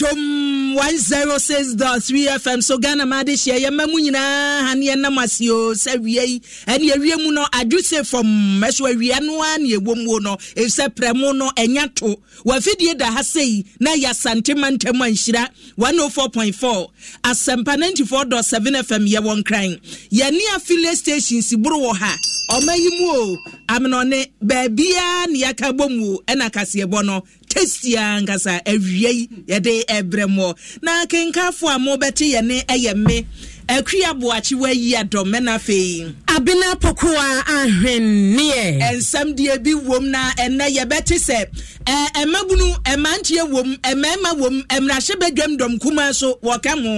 tom 106.3 fm so ghana ma de hyia yɛma mu nyinaa ha ne yɛnam ase o sɛ wie yi ɛne awie mu no adwo se fam ɛso awia no a ne ɛwɔ mu no ɛsɛ eh, prɛmo no ɛnya to wafidie da ha sei na yɛasantema ntam anhyira 104.4 asɛmpa 94.7 fm yɛwɔ nkran yɛne afile station si boro wɔ ha ɔma yi mu o amenɔne baabiaa ne yɛaka bɔ mu o ɛna kaseɛbɔ no testia nkasa awia yi yɛde ɛbrɛ mɔ na kenkafo a mobɛte yɛne ɛyɛ me akuri aboakye wayi adɔm mɛna afei abena pokoa ahwenneɛ ɛnsɛm deɛ bi wom na ɛnɛ yɛbɛte sɛ ɛmabunu e, e ɛmanteɛ e wom ɛmɛɛma wom ɛmrahyɛ bɛdwam dɔm kumaa so wɔka ho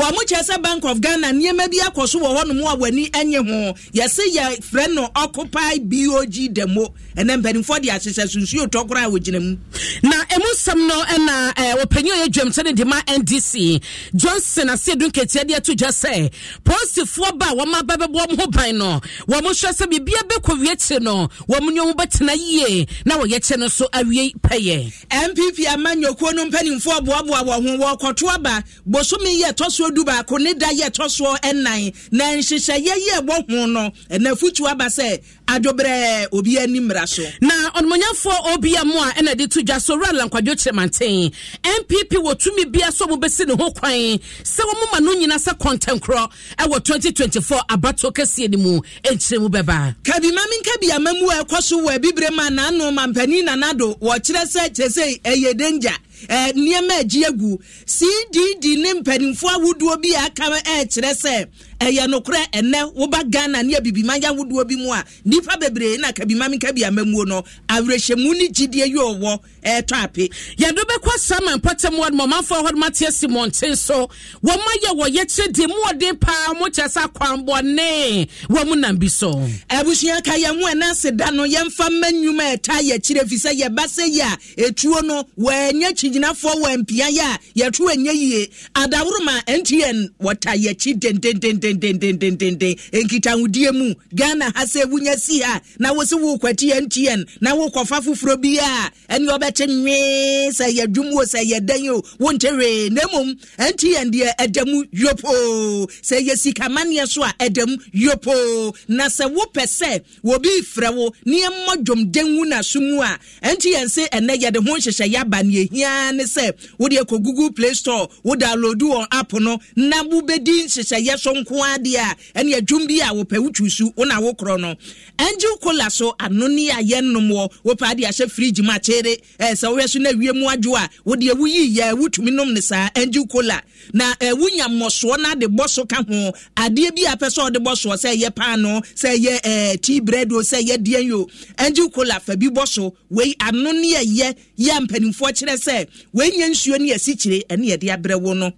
wɔn mo kyerɛ sɛ bank of ghana nneɛma bi akɔ so wɔ hɔnom a wɔani nye ho yɛsɛ yɛfrɛ no occupy bog demo ɛnɛ mpanimfoɔ de ahyehyɛ sunsuo tɔ koraa a wɔgyina mu na emu nsɛm no ɛna wɔpanyin a yɛ dwam sɛ ne de ndc johnson ase edu nketeɛ deɛ to sɛ sɛ polisifoɔ ba a wɔn aba bɛbɔ wɔn ho ban no wɔn hwɛ sɛ biribiara bɛkɔ wie kyɛ no wɔn nyɛ bɛtena yie na wɔyɛ kyɛ no so awie pɛyɛ. npp ama nyɔkuo no mpanimfoɔ boaboa wɔn ho wɔkɔto aba bosomi yɛ tɔsoɔ du baako ne da yɛ tɔsoɔ ɛnan na nhyehyɛeɛ yɛ ɛbɔ ho no ɛna futu aba sɛ adwobrɛ obi ani mmara so. na ɔnumɔnyafoɔ obm a ɛna de to dwa so rala nkwadwo kyerɛ npp wɔ tumi bia so a wɔbɛsi ne ho kwan sɛ wɔn ma no nyina sɛ kɔntɛn nkorɔ ɛwɔ 2024 abato kɛseɛ no mu nkyerɛ mu bɛbaa kabi ma menka bi ama mu a ɛkɔ so wɔ abibire ma naano mampani nanado wɔkyerɛ sɛ kyerɛ sɛ ɛyɛ dangya eh, nneɛma agye agu cdd ne mpanimfoɔ ahodoɔ bi a aka ɛkyerɛ sɛ ɛyɛ nokorɛ ɛnɛ woba ghana ne abibima yawodoɔ bi mu a nnipa bebree na kabimameka bi amamuo no awerɛhyɛmu ne gyidie yɛ ɔwɔ ɛɛtɔ ape yɛde bɛkɔ sama mpɔtam hɔ nom ɔmanfoɔ hɔ nom ate asi mmɔnten so wɔma yɛ wɔyɛ kyerɛ de mu ɔden paa mo kyerɛ sɛ akwanbɔne wɔ mu nam bi so abusua ka yɛn ho ɛna ase da no yɛmfa mma nnwuma ɛta yɛkyerɛ fi sɛ yɛba sɛ yi a ɛtuo no wɔanya kyigyinafoɔ wɔ ampia yɛ a yɛto anya yie adaworoma ntn wɔta yɛkyi dendendenden dendendendendenden nkitahodie mu ghana ha sɛ wunya si ha na wosi wokwati mtn na wokɔfa foforɔ bi a ɛne ɔbɛte nwee sɛ yɛ dwom o sɛ yɛ dɛn o wonte hwee na mmom mtn deɛ ɛda mu yopoo sɛ yɛ sikamanneɛ so a ɛda mu yopoo na sɛ wopɛ sɛ wobi frɛ wo ne ɛmmɔ dwomden wu naso mu a mtn se ɛnɛ yɛde ho nhyehyɛ yɛ aba ne yɛhia ne sɛ wode ɛkɔ google play store wo download wɔn app no na wobɛdi nhyehyɛeɛ so nko ho adeɛ a ɛne adwum bi a wɔpɛ wotwi su wona wokorɔ no ɛngye kola so ano ne a yɛnnom wɔ wopɛ ade ahyɛ fridge mu akyere eh, sɛ wohwɛ so na awie mu adwo a wode woyiyɛ wotumi nom ne saa ɛngye kola na eh, wonya mmɔsoɔ no ade bɔ so ka ho adeɛ bi a pɛ sɛ ɔde bɔ soɔ sɛ ɛyɛ paano sɛ ɛyɛ eh, tea bread o sɛ ɛyɛ deɛ yo ɛngye kola fa bi bɔ so wei ano ne ɛyɛ yɛ mpanimfoɔ kyerɛ sɛ wei nyɛ nsuo ne asikyire ɛne yɛde abrɛ wo no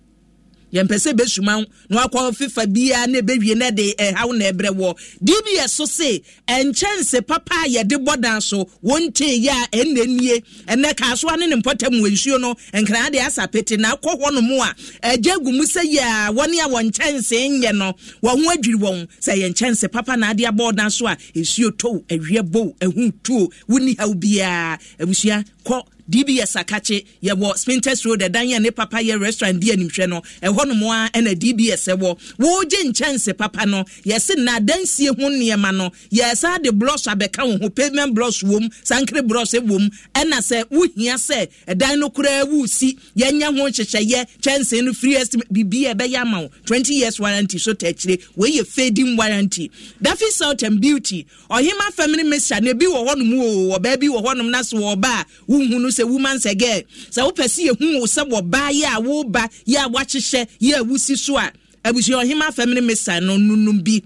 yɛmpɛ sɛ bɛsuma na wakɔ fifa biara na ɛbɛwie na ɛde ɛhaw na ɛbrɛ wɔ dbs so se ɛnkyɛnse papa a yɛde bɔ dan so wɔntee yɛ a ɛnna nie ɛnɛ kaasoa ne ne mpɔtam wɔ nsuo no nkran de asa pete na akɔ hɔ no mu a ɛgya gu mu sɛ yɛ a wɔne a wɔn nkyɛnse nyɛ no wɔn ho adwiri wɔn sɛ yɛ nkyɛnse papa na ade abɔ dan so a nsuo tow awie bow ɛho tuo wonni haw biara abusua kɔ dbs akakye yɛwɔ spinters road ɛdan yɛ ne papa yɛ restaurant di animhwɛ no ɛhɔ nom a ɛna dbs ɛwɔ wɔregye nkyɛnse papa no yɛsi na adansie ho nneɛma no yɛsa de blɔs abɛka wɔn ho pavement blɔs wɔm sankere blɔs wɔm ɛna sɛ wohia sɛ ɛdan no koraa wusi yɛnyɛ ho nhyehyɛeɛ kyɛnse no free estimate bibi ɛbɛyɛ ama wo twenty years warranty so tɛkyire wɔyɛ fading warranty dafi salt and beauty ɔhema family mixture na ebi wɔ hɔnom wɔ baabi wɔ hɔnom na so wɔ ɔbaa wuhunu sɛ a woman's a girl sɛ wopɛ sɛ yɛhu wo sɛ wɔbaa yɛ a woba yɛ a woakyehyɛ yɛ a wosi so a abusua ɔhema family mesa no nonum bi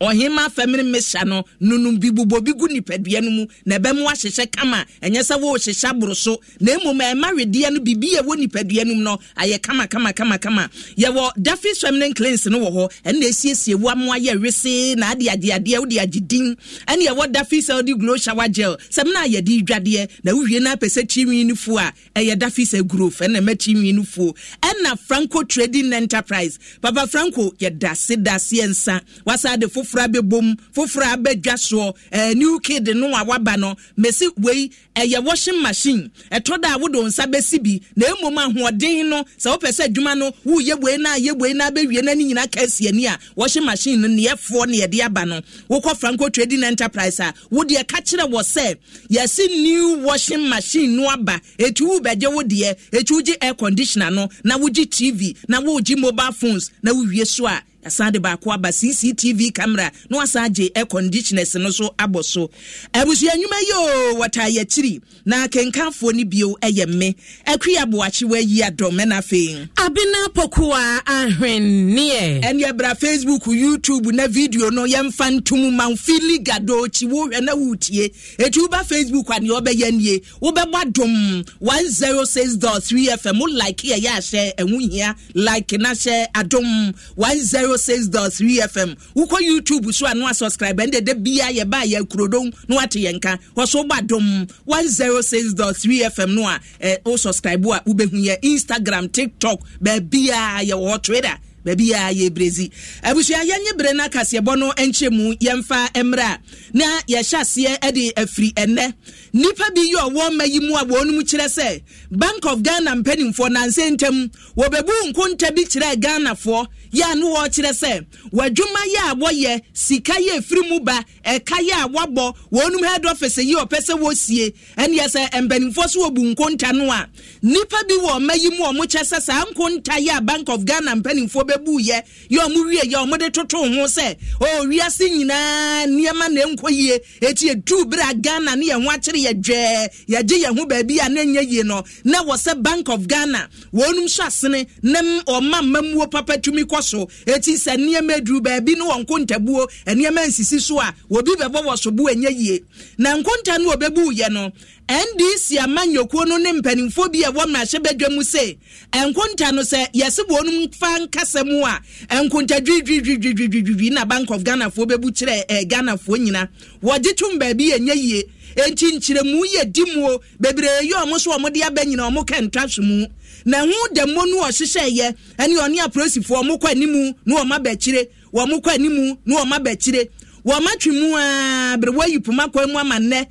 ɔhema family mission no nonum bi bobɔ bi gu nipadua no mu na ɛbɛm ahyehyɛ kama ɛnyɛ sɛ wɔrehyehyɛ aboro so na mmom ɛma wedeɛ no biribi a ɛwɔ nipadua no mu no ayɛ kama kama kama kama yɛwɔ dafis feminine cleans no wɔ hɔ ɛna ɛsiesie wo amoa yɛ wesee na ade ade adeɛ wode agye din ɛne yɛwɔ dafis a wode glow shower gel sɛm no a yɛde dwadeɛ na wowie no apɛ sɛ tirinwi no fuo a ɛyɛ dafis agrove ɛna ɛma tirinwi no fuo ɛna franco trading enterprise papa franco yɛdase daseɛ nsa wasa de fofo foforɔ abɛbom foforɔ abɛdwa soɔ ɛɛ new kid no a waba no mesi wei ɛyɛ washing machine ɛtɔ da a wode nsa bɛsi bi na mmom ahoɔden no sɛ wopɛ sɛ adwuma no woyɛ wei na ayɛ wei na abɛwie no ne nyinaa ka ani a washing machine no neɛfoɔ ne yɛde aba no wokɔ franco trading enterprise a wodeɛ ka kyerɛ wɔ sɛ yɛsi new washing machine no aba ɛti wo bɛgye wo deɛ air conditioner no na wogye tv na wogye mobile phones na wowie so a ɛsan de baako aba cctv camera na wasan agye air conditioners no so abɔ so abusua nnwuma yi o wɔta yɛkyiri na kenkanfoɔ no bio ɛyɛ mme akuri aboakye wayi adɔm ɛna afei abena pokoa ahwenneɛ ɛne ɛbra facebook youtube na video no yɛmfa ntom ma mfili gadokyi wohwɛ na wotie ɛti woba facebook a neɛ wɔbɛyɛ nie wobɛbɔ adom 106.3 fm wo like yɛyɛ ahyɛ ɛho hia like na hyɛ adom 10 zero oh six dot three fm wokɔ youtube so a no asubscribe ɛn dɛdɛ bia yɛba yɛ kurodom na wate yɛn ka wɔso ba dom one zero oh six dot three fm no a ɛ eh, o subscribe a wobɛhu yɛ instagram tiktok baabia yɛwɔ hɔ twitter baabi a yɛ brezi abusua yɛnye bere no akaseɛbɔ no nkyɛ mu yɛmfa mmerɛ a na yɛhyɛ aseɛ de afiri ɛnnɛ nnipa bi yɛ ɔwɔ mma yi mu a wɔnom kyerɛ sɛ bank of ghana mpanimfoɔ nanse ntam wɔbɛbu nkonta bi kyerɛ ghanafoɔ yɛ a ne wɔrekyerɛ sɛ wɔadwuma yɛ a wɔyɛ sika yɛ ɛfiri mu ba ɛka yɛ a wɔabɔ wɔnom head office yi ɔpɛ sɛ wɔsie ɛneɛ sɛ mpanimfoɔ so wɔbu nkonta no a nnipa bi wɔ ɔma yi mu ɔmo kyɛ sɛ saa nkonta yɛ a bank of ghana mpanimfoɔ bɛbuyɛ yɛ ɔmo wie yɛ ɔmo de toto ho sɛ ɔwiase nyinaa nneɛma na ɛnkɔ yie ɛti ɛduu berɛ ghana ne yɛ ho akyere yɛ dwɛɛ yɛgye yɛn ho baabi a ne nyɛ yie no na wɔ sɛ bank of ghana wɔnum hyɛ asene ne ɔma mmamuo papa tumi kɔ so eti sɛ nneɛma aduru baabi ne wɔn nkontabuo nneɛma nsisi so a obi bɛbɔ wɔ so bu ɛnyɛ yie na nkonta no ɔbɛbu yɛ no ndc amanyɔkuo no ne mpanimfoɔ bi a ɛwɔ mmarahyɛ badwa mu se nkonta no sɛ yɛse wɔnum fa nkasa mu a nkonta dwidwidwidwidwidwi na bank of ghanafoɔ bɛbu kyerɛ ɛɛ eh, ghanafoɔ nyina wɔgye tum baabi ɛnyɛ yie enti nkyerɛmu yɛ di muo bebree yɛ ɔmo so ɔmo de abɛ nyina ɔmo kɛntra so mu na ɛho dɛmo no ɔhyehyɛ yɛ ɛne ɔne apolisifoɔ ɔmo kɔ anim na ɔmo aba akyire wɔn kɔ anim na wɔn aba akyire wɔn atwi mu aa bere wɔyi poma kɔ mu ama nnɛ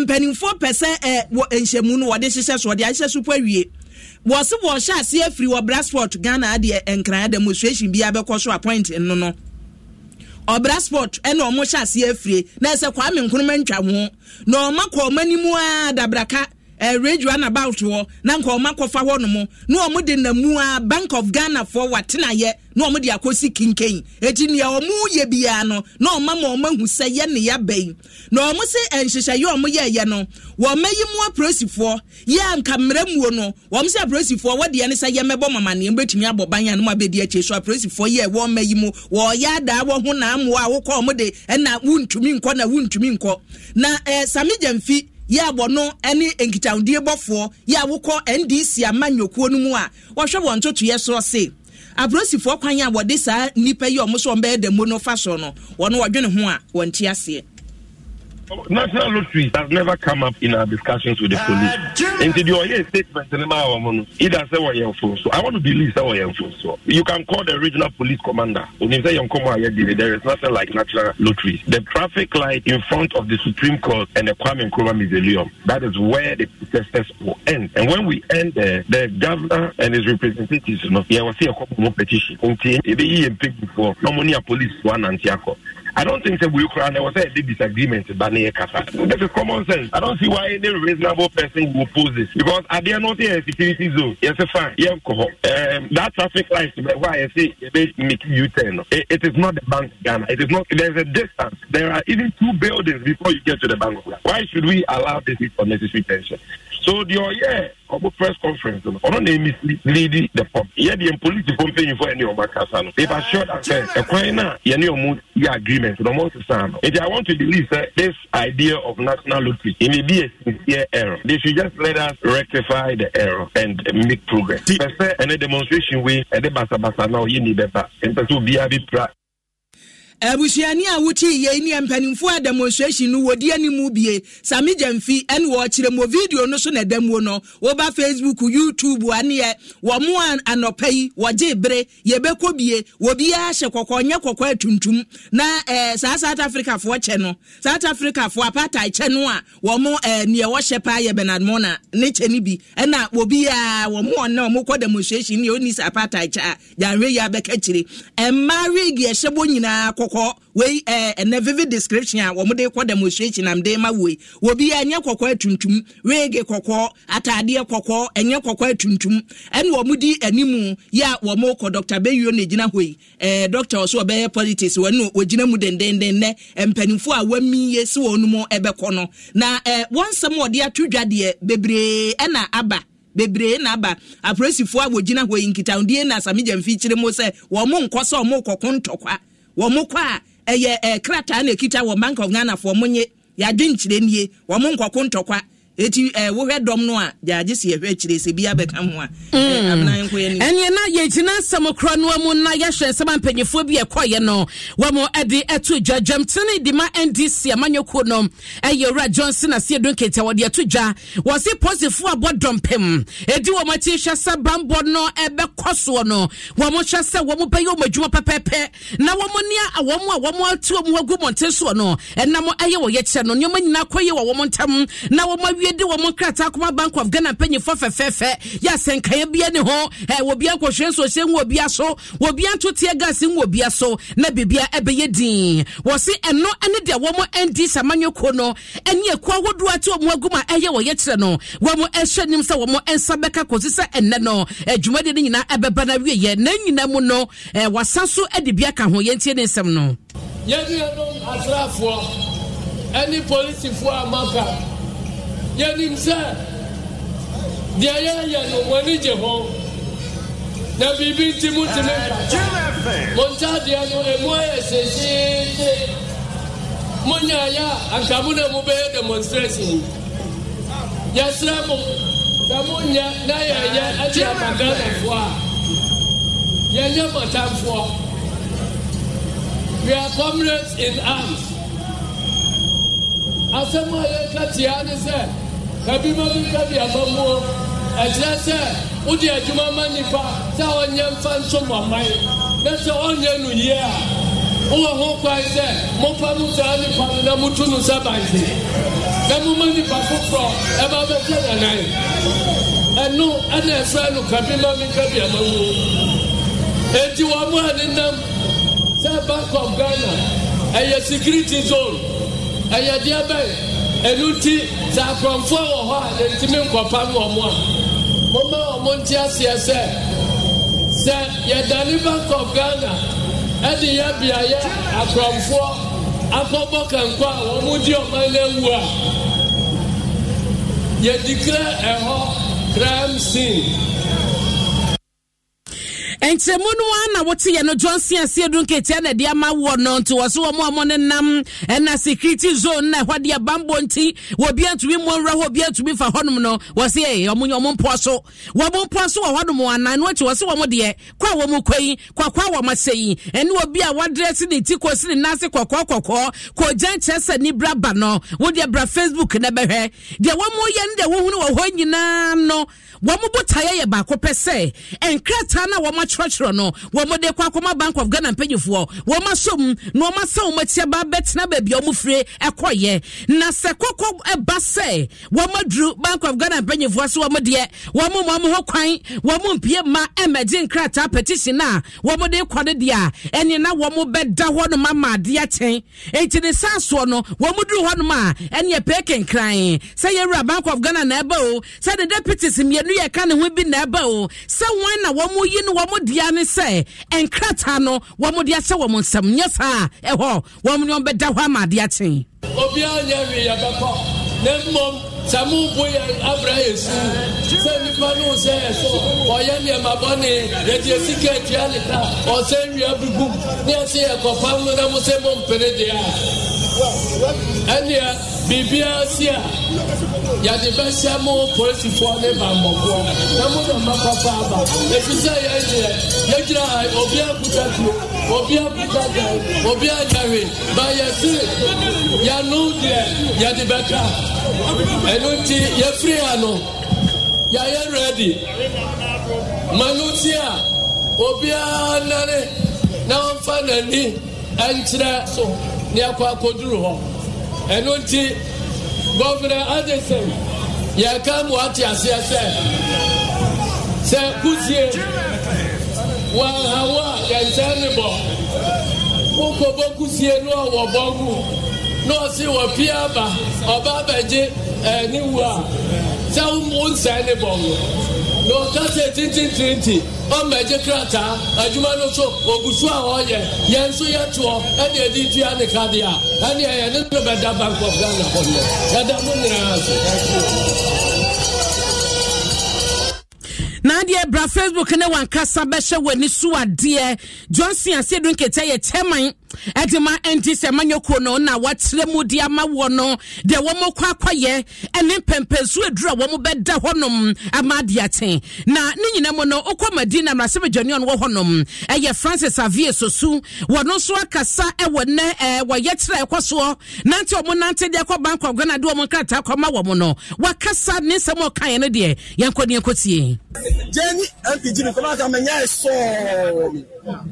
mpanimfoɔ pɛ sɛ ɛ wɔ nhyɛmu no wɔde hyehyɛ so wɔde ahyehyɛ so po awie wɔsi wɔhyɛ aseɛ firi wɔ brasport ghana adeɛ nkran adamu suesi bi abɛkɔ so appoint no no ɔbra sport ɛna ɔmo hyɛ aseɛ afire na ɛsɛ kwame nkrumah ntwa ho na ɔma kɔ ɔma nimu a dabraka Eh, radio about hɔ na nka ɔma kɔfa hɔ no na ɔmo de bank of ghana watena watenayɛ na ɔmo de akɔsi kinkan eti nea ɔmo yɛ na ọmụ ma ɔmo ahu sɛ yɛ ne yaba yi na ɔmo se nhyehyɛeɛ ɔmo yɛ yɛ no wɔn mu apolisifoɔ yɛ anka mmerɛ muo no wɔn sɛ apolisifoɔ wɔdeɛ ne sɛ yɛ mɛbɔ mama ne mbɛtumi abɔ ban yɛn no abɛdi akyire so apolisifoɔ yɛ mu na amoa a ɔmo de ɛna wuntumi nkɔ na wuntumi nkɔ na ɛɛ eh, sami yɛ abɔ no ne nkitahodie bɔfoɔ yɛ awokɔ ndc ama nnyokuo no mu a wɔhwɛ wɔn ntotoeɛ soɔ se apolisifoɔ kwan a wɔde saa nnipa yi a wɔn so wɔn bɛyɛ dɛmo no fa soɔ no wɔn wɔdwene ho a wɔn ti aseɛ. national lotteries has never come up in our discussions with the police. Ah, Into the Oye statement, either say we are so I want to believe that we are so. You can call the regional police commander. There is nothing like national lotteries. The traffic light in front of the Supreme Court and the Kwame Nkrumah Museum, that is where the protesters will end. And when we end there, the governor and his representatives, you know, yeah, we see a couple more petitions. Until the EMP before, no money police, one anti I don't think that we cry. There was a disagreement. This is common sense. I don't see why any reasonable person will oppose this because at the not of the security zone, yes, fine. Yeah, um, that traffic light, why I say make U turn. It, it is not the bank Ghana. It is not. There's a distance. There are even two buildings before you get to the bank. Why should we allow this for necessary tension? so deɛ ɔyɛ ɔmo press conference no ɔno na emi leadi the pump yɛ deɛ mpolitifo mpanyinfo ɛne ɔmo akasa no if assure that e sɛ ɛkwan na yɛne ɔmo yɛ agreement na ɔmo sisan no nti i want to believe sɛ this idea of national lottery e may be a sincere error they should just let us rectify the error and make progress pɛsɛ ɛne demonstration wei ɛde basabasa na ɔyɛ ni bɛba mpɛsɛ obiara bi pra abusuani a wotie yei ne mpanimfoɔ a demonstration no wɔdi animu bie same gyamfi ɛne wɔkyerɛ mu video no so na ɛda muo no woba facebook youtube aneɛ wɔmo a anɔpa yi wɔgye bere yɛbɛkɔ bie wɔbiaa hyɛ kɔkɔɔ nyɛ kɔkɔɔ atuntum na eh, saa south africafoɔ kyɛ no south africafoɔ apartheid kyɛ no a wɔmo eh, neɛ wɔhyɛ paa yɛ bernard mona ne kyɛ no bi ɛna wɔbiaa wɔmo ɔnna wɔmokɔ demonstration ne ɔnis apartheid kyɛ a gyanwe yi abɛka kyire ɛmmaa regi kɔkɔɔ wei ɛɛ ɛnɛ vivid description a wɔn de kɔ demonstration am de ma wei obi a ɛnyɛ kɔkɔɔ tuntum wege kɔkɔɔ ataadeɛ kɔkɔɔ ɛnyɛ kɔkɔɔ tuntum ɛna wɔn di anim yɛ a wɔn kɔ dr beyo na egyina hɔ yi ɛɛ dr ɔso ɔbɛyɛ politics wɔn no wɔgyina mu dendenden nɛ mpanimfoɔ a wɔmi yie si wɔn mu ɛbɛkɔ no na ɛɛ wɔn nsɛm wɔde ato dwa deɛ bebree ɛna aba bebree na aba apolisifoɔ a wɔgyina hɔ yi nkitahodie na asame gyamfi kyerɛ mu sɛ wɔn nkɔ sɛ wɔn kɔko ntɔkwa wɔn kɔ a ɛyɛ ɛɛ krataa na ekita wɔ bank of ghana foɔ mo nye yɛade nkyerɛ nie wɔn nkɔko ntɔkwa eti eh, wohwɛ dɔm no a gyaagye si yɛhwɛ akyire sɛ bia bɛka ho a eh, mm. ɛneɛ na yɛgyina nsɛm korɔ no mu na yɛhwɛ nsɛm a mpanyifoɔ bi ɛkɔyɛ no wɔm ɛde ɛto dwa dwamtene de ma ndc amanyɛkuo no ɛyɛ wura johnson aseɛ do nketa wɔde ɛto dwa wɔ se posifoɔ abɔ dɔmpem ɛdi wɔm akyi hwɛ sɛ bambɔ no ɛbɛkɔ soɔ no wɔm hwɛ sɛ wɔm bɛyɛ wɔm adwuma pɛpɛpɛ na wɔm ne wɔm a wɔm atu wɔm hɔ gu soɔ no ɛnam ɛyɛ wɔ yɛkyɛ no nneɔma nyinaa kɔyɛ wɔ wɔm ntam na wɔm awie wie de wɔn mo nkrataa kuma bank of ghana mpanyinfoɔ fɛfɛɛfɛ yɛ asɛnkaeɛ bia ne ho ɛɛ wɔ bia nkɔhwɛ nsɔhyɛ nwɔ bia so wɔ bia nto gas nwɔ bia so na bibia ɛbɛyɛ din wɔ se ɛno ne deɛ wɔn ɛndi samanwe ko no ɛne ɛkɔ ahodoɔ ate wɔn agu ma ɛyɛ wɔ yɛkyerɛ no wɔn ɛhyɛ nim sɛ wɔn nsa bɛka kɔsi sɛ ɛnɛ no adwumadie de ne nsɛm no. yɛn a maka yɛnim sɛ deɛ yɛyɛ no wɔani gye ho na biribi nti mu ntumi montadeɛ no ɛmu ayɛ sɛsiide monyaeɛ a anka mo na mobɛyɛ demonstration yi yɛsrɛ mo sɛ monyɛ na yɛyɛ ade amaganafoɔ a yɛnyɛ matamfoɔ we are comrades in arms asɛm a yɛka tia ne sɛ kabi ma bi ka bi aba mu o ɛkyerɛ sɛ wode adwuma ma nipa sɛ ɔnyɛ mfa nso mɔman na sɛ ɔnyɛ no yie a wowɔ ho kwan sɛ momfa no saa nipa no na motu no sɛ banse na moma nipa foforɔ ɛba bɛkyɛ nanan ɛno ɛna ɛfrɛ no kabi ma bi ka bi mu enti wɔn mo a nenam sɛ bank of ghana ɛyɛ security zone ɛyɛ deɛ bɛyɛ ɛnu ti sɛ akorɔmfoɔ wɔ hɔ a yɛntumi nkɔpam wɔ mo a momma wɔ mo nte aseɛ sɛ sɛ yɛdane bank of ghana ɛde yɛ beaeɛ akorɔmfoɔ akɔbɔ kankɔ a wɔn mo di ɔman no awu a yɛdikira ɛhɔ crime scene nkyɛnmu no ara na wɔte yɛ no johnson aseɛ dun ketewa na ɛde ama wɔ no nti wɔ so wɔn a wɔn nenam ɛna security zone na ɛhɔ deɛ bambɔ nti obi atumi mu nwura hɔ obi atumi fa hɔnom no wɔsi ɛyɛ wɔn wɔn mpɔ so wɔn mpɔ so wɔ hɔnom anan wɔkyi wɔsi wɔn deɛ kɔ a wɔn kɔ yi kɔkɔ a wɔn asɛ yi ɛne obi a wadrɛ ne ti kɔ si ne nan se kɔkɔɔ kɔkɔɔ kɔgya nkyɛn sɛ ne bra ba no wɔde bra facebook na bɛhwɛ deɛ wɔn yɛ ne deɛ wɔn hunu no wɔn botaeɛ yɛ baako pɛ kyerɛkyerɛ no wɔmde kɔ akɔma bank of ghana mpanyinfoɔ wɔma som na wɔma sa wɔn akyi bɛtena baabi a wɔn ɛkɔyɛ na sɛ kɔkɔ ɛba sɛ wɔn bank of ghana mpanyinfoɔ so wɔn deɛ wɔn mu ho kwan wɔn mpie ma ɛmɛgye nkrataa petition a wɔde kɔ no deɛ a ɛne na wɔn bɛda hɔ nom ama adeɛ kyɛn eti ne saa soɔ no wɔn hɔ nom a ɛne ɛpɛ kenkran sɛ yɛwura bank of ghana na ɛba o sɛ ne deputies mmienu yɛ ne ho bi na ɛba o sɛ wɔn na wɔn yi no wɔn deɛ ne sɛ nkrataa no wɔn de ahyɛ wɔn nsam nyɛ saa ɛhɔ wɔn ne wɔn bɛda hɔ ama adeɛ akyen. obiara nyɛ hwee yɛbɛkɔ na mmom sɛ mobo yɛ abra yɛ su sɛ nnipa no sɛ yɛ so ɔyɛ nneɛma bɔne yɛde asika atua ne ta ɔsɛ nwia bi ne ɛsɛ yɛkɔpam no na mo sɛ mompene deɛ ɛnea biribiara si a yɛde bɛhyɛ mo polisifoɔ ne bambɔfoɔ na mo na mmapa paaba ɛfiri sɛ yɛn deɛ yɛgyina ha obi akuta tuo obi akuta dan obi anyare ba yɛsi yɛno deɛ yɛde bɛka ɛno nti yɛfiri ha no yɛayɛ rɛdi ma no si a obiara nare na ɔmfa n'ani ɛnkyerɛ so ne ɛkɔ akɔduru hɔ ɛno nti gɔvnɛ adesɛn yɛka mu ate aseɛ sɛ sɛ kusie wɔnhawo a yɛnsɛn ne bɔ wokɔbɔ kusie no a wɔbɔ gu na ɔse wɔpie aba ɔba abɛgye ɛne wu a sɛ wo nsɛn ne no kase tintintinti ɔmɛgye krataa adwuma no so ogusu a ɔyɛ yɛn nso yɛtoɔ ɛne ɛdi tu ya ne kadeɛ a ɛne ɛyɛ ne no bɛda bank of ghana hɔ no yɛda mo nyinaa so na bra facebook ne wankasa bɛhyɛ w'ani so adeɛ johnson aseɛ dunketa yɛ chairman ɛde ma ɛnti sɛ manyɛ no na wakyerɛ mu de ama wɔ no deɛ wɔn kɔ akɔyɛ ɛne mpɛmpɛnsu aduru a wɔn bɛda hɔnom ama de ate na ne nyinaa e, mu no okɔ madina mmarahyɛ badwani ɔno wɔ hɔnom ɛyɛ francis avie soso wɔn nso akasa ɛwɔ nɛ ɛɛ wɔyɛ kyerɛ ɛkɔ soɔ nante wɔn nante deɛ ɛkɔ bank of ghana de wɔn nkrataa kɔma wɔn no wakasa ne nsɛm ɔka yɛn no deɛ yɛn kɔ ne yɛn kɔ tie. jeni mpg mi kɔmá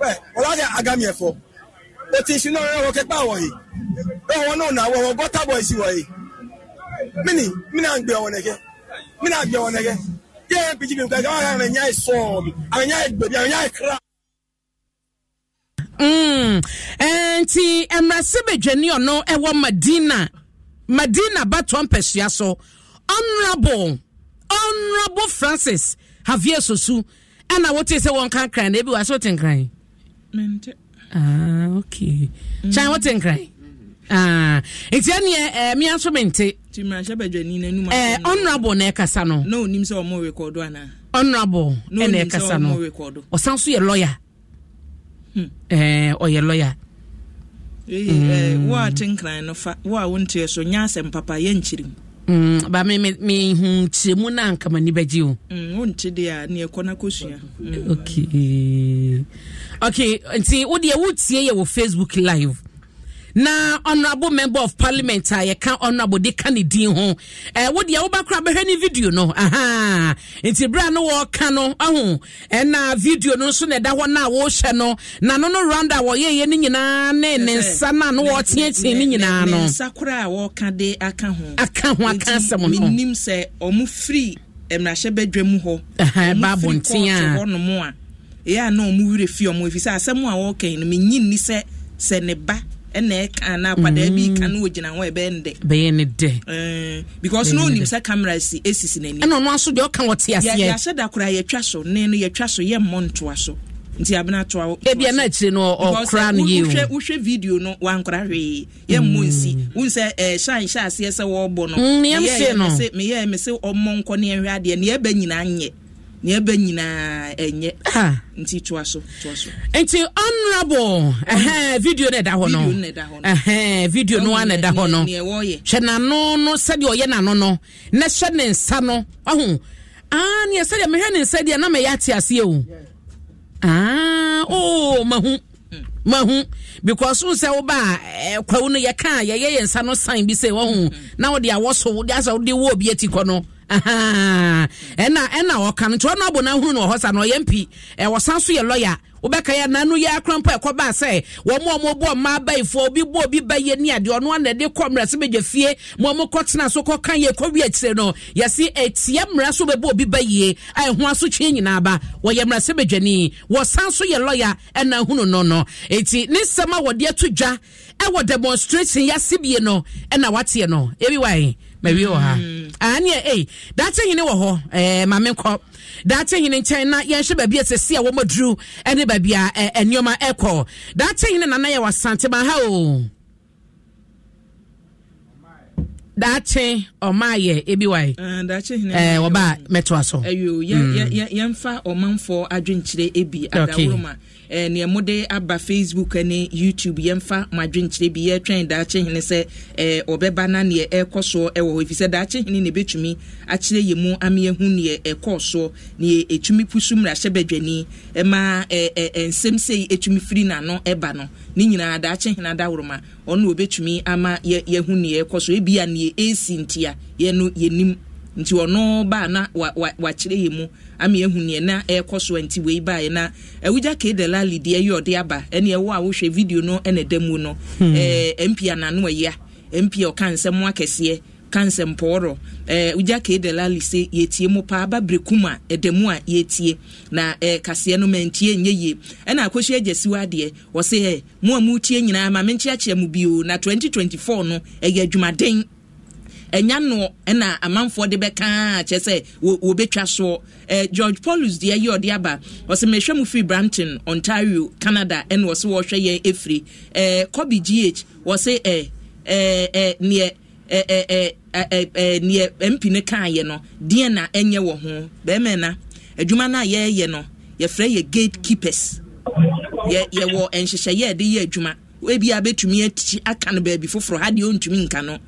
pẹ́ ọ̀làjà agami ẹ̀fọ́ o ti yìí náà mini yẹ ẹ pidgin nǹkan àwọn àwọn àwọn nti ɔno ɛwɔ madina madina so francis ɛna wote sɛ na ebi ah okay mm. chan wote nkran ah nti ɛneɛ ɛmi aso mi nti. na ɛkasa no. na ɛna ɛkasa no ɔsan so yɛ lɔya ɔyɛ lɔya. wo a hmm. te no fa wo a wo nteɛ so nyɛ asɛm papa yɛ nkyirim. Mm, ba me me me hu hmm, tie mu na ni mani bagye o. Mm, nti de a ne ekɔ na kosua. Mm. Okay. Okay, nti wo de wo tie yɛ wɔ Facebook live. na honorable member of parliament a yɛka honorable de ka ne din ho eh, wodeɛ wobakora bɛhwɛ ne video no aha nti berɛ no wɔɔka no nso na ɛda hɔ no a wɔrehyɛ no na no no round a wɔyɛyɛ no nyinaa ne ne nsa no a no nyinaa no aka ho aka no hɔ hɔnom a ɛyɛ a ɛna ɛka na akwadaa bi ka mm-hmm. no wɔgyina hɔ ɛbɛyɛ ne dɛ bɛyɛ ne dɛ eh, because no onim sɛ camera si esisi n'anim ɛna ɔno aso deɛ ɔka te aseɛ yɛahyɛ da koraa yɛtwa so ne no yɛtwa so yɛ mmɔ ntoa so nti abena toa ebi ɛna akyire no ɔkora eh, no yie o wohwɛ wohwɛ video no wankora hwee yɛ mmɔ nsi mm. wun sɛ ɛɛ eh, shan hyɛ aseɛ sɛ wɔɔbɔ no mm, meyɛ mese meyɛ mese ɔmmɔ nkɔ ne ɛhwɛ adeɛ ne ɛbɛ nyinaa nyɛ nyɛ nyinaa ɛnyɛ nti toa so toa so. nti honourable ɛhɛn video na ɛda hɔ no video na ɛda no ɛhɛn video no na ɛda hɔ no hwɛ n'ano no sɛdeɛ ɔyɛ n'ano no na hyɛ ne nsa no ɔho aa neɛ sɛdeɛ mehwɛ ne nsa deɛ na mɛ yɛ ate aseɛ o aa oo ma mahu because n sɛ woba ɛɛ kwawu no yɛ kaa yɛyɛ yɛn nsa no sign bi sɛ ɔho na wɔde awɔ so wɔde asɛ wɔde wɔ obi eti kɔ no. ɛna ɛna ɔka no nti ɔno abɔ n'ahuru no wɔ sa no ɔyɛ mpi ɛwɔ san so yɛ lɔya wobɛka yɛ nanu yɛ akora mpo ɛkɔba sɛ wɔn a wɔbɔ abayifoɔ obi bɔ obi ba yɛ ni adeɛ ɔno kɔ mmerɛ fie ma wɔn kɔ tena so kɔ kan yɛ kɔ akyire no yɛsi etia mmerɛ so bɛbɔ obi ba yie a ɛho aso nyinaa ba wɔyɛ mmerɛ ni so yɛ lɔya ɛna ahunu no no eti ne nsɛm a wɔde ato dwa ɛwɔ demonstration bie no ɛna wateɛ no ebi wa yi. mawie wɔ ha mm. aneɛ ah, ei eh, daate hene wɔ hɔ eh, mame kɔ daate hene nkyɛn na yɛnhwɛ baabi a sɛsi a wɔma duru ne baabi a eh, eh, nneɔma ɛkɔ daate hene nana yɛ wasante ma ha o daakye ɔmaayɛ ebi wae ɛɛ ah, wɔba mɛtoa so. ɛyò yɛn yɛn yɛn fa ɔmanfoɔ adwenkyerɛ ebi adaworoma. Okay. Eh, nea mode aba facebook ne youtube yɛmfa madwenkyerɛ bi yɛtwɛn daakyehene sɛ sɛ eh, ɔbɛba na neɛ ɛkɔ soɔ ɛwɔ hɔ ɛfiri daakyehene daakye hene ne bɛtumi akyerɛ yɛ mu ama yɛhu neɛ ɛkɔɔ soɔ neɛ ɛtumi pusu mmarahyɛ badwani ma eh, nsɛm sei ɛtumi firi n'ano ɛba no ne nyinaa daakye hene adaworoma ɔno wɔbɛtumi ama yɛhu neɛ ɛkɔ so ebia neɛ ɛsi ntia yɛno yɛnim nti ɔno baa na wakyerɛ yi mu ama ehu nea na ɛrekɔ so nti wei baa yi na awugya kedela lidi ɛyɛ ɔde aba ɛne ɛwɔ a wohwɛ video no ɛna ɛda mu no hmm. ɛɛ mp anano ɛya mp ɔka nsɛm akɛseɛ ka nsɛm pɔɔrɔ ɛɛ kedela lise yɛtie mu paa kum a ɛda mu a yɛtie na ɛɛ kaseɛ no mɛntie nye yie ɛna akɔhyɛ agyasiwa adeɛ wɔsɛ ɛɛ mu a mu tie nyinaa mu na 2024 no ɛyɛ adwumaden ɛnya noɔ ɛna amanfoɔ de bɛkaa kyɛ sɛ wɔbɛtwa soɔ eh, george paulus deɛ yɛ ɔde aba ɔsɛ mehwɛ mu firi brampton ontario canada ɛna ɔsɛ wɔhwɛ yɛn ɛfiri eh, kobe gh wɔsɛ eh, eh, eh, neɛ eh, eh, eh, eh, eh, eh neɛ mp no kaayɛ no deɛ na ɛnyɛ wɔ ho bɛrima na adwuma no a yɛɛyɛ no yɛfrɛ yɛ gate keepers yɛwɔ nhyehyɛeɛ yɛde yɛ adwuma ebi a bɛtumi aka no baabi foforɔ ha deɛ ɔntumi nka no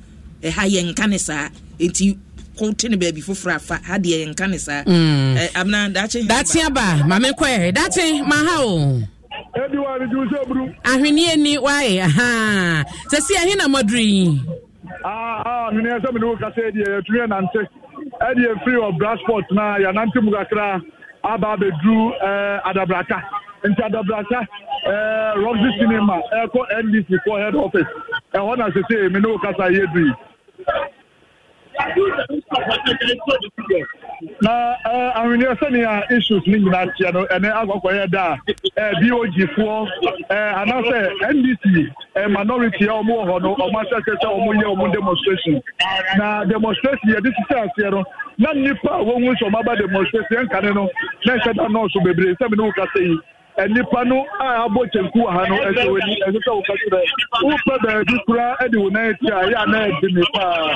ɛha yɛ nka ne saa nti kote ne baabi foforɔ afa ha deɛ yɛ nka ne saa mm. amena dakye dakye aba mame kɔɛ dakye ma ha o ahwenneɛ ni waayɛ aha sɛ si ahe na mɔdoro yi ahwenneɛ ah, sɛ mene wo kasɛ deɛ yɛtumi ɛnante ɛdeɛ firi wɔ brasport na yɛnante mu kakra aba abɛduru eh, adabraka nti adabraka eh, roxy cinema ɛkɔ eh, ndc kɔ head office ɛhɔ na sesee mene wo kasa yɛduru yi na eh, ahwenneɛ sɛnea issues no na teɛ ene ɛne ya da a eh, bog fụọ. Eh, anaasɛ ndc minority a ɔmo wɔ hɔ na demonstration yɛde sisɛ aseɛ no na nnipa a wɔhu aba demonstration no na nọọsụ bebiri Eh, nipa no a abɔ kyenku wɔ ha no ɛsɛ w'ani ɛsɛ sɛ wò kasi dɛ wopɛ baabi kura ɛde wò nan ti a yɛ a nan di mi paa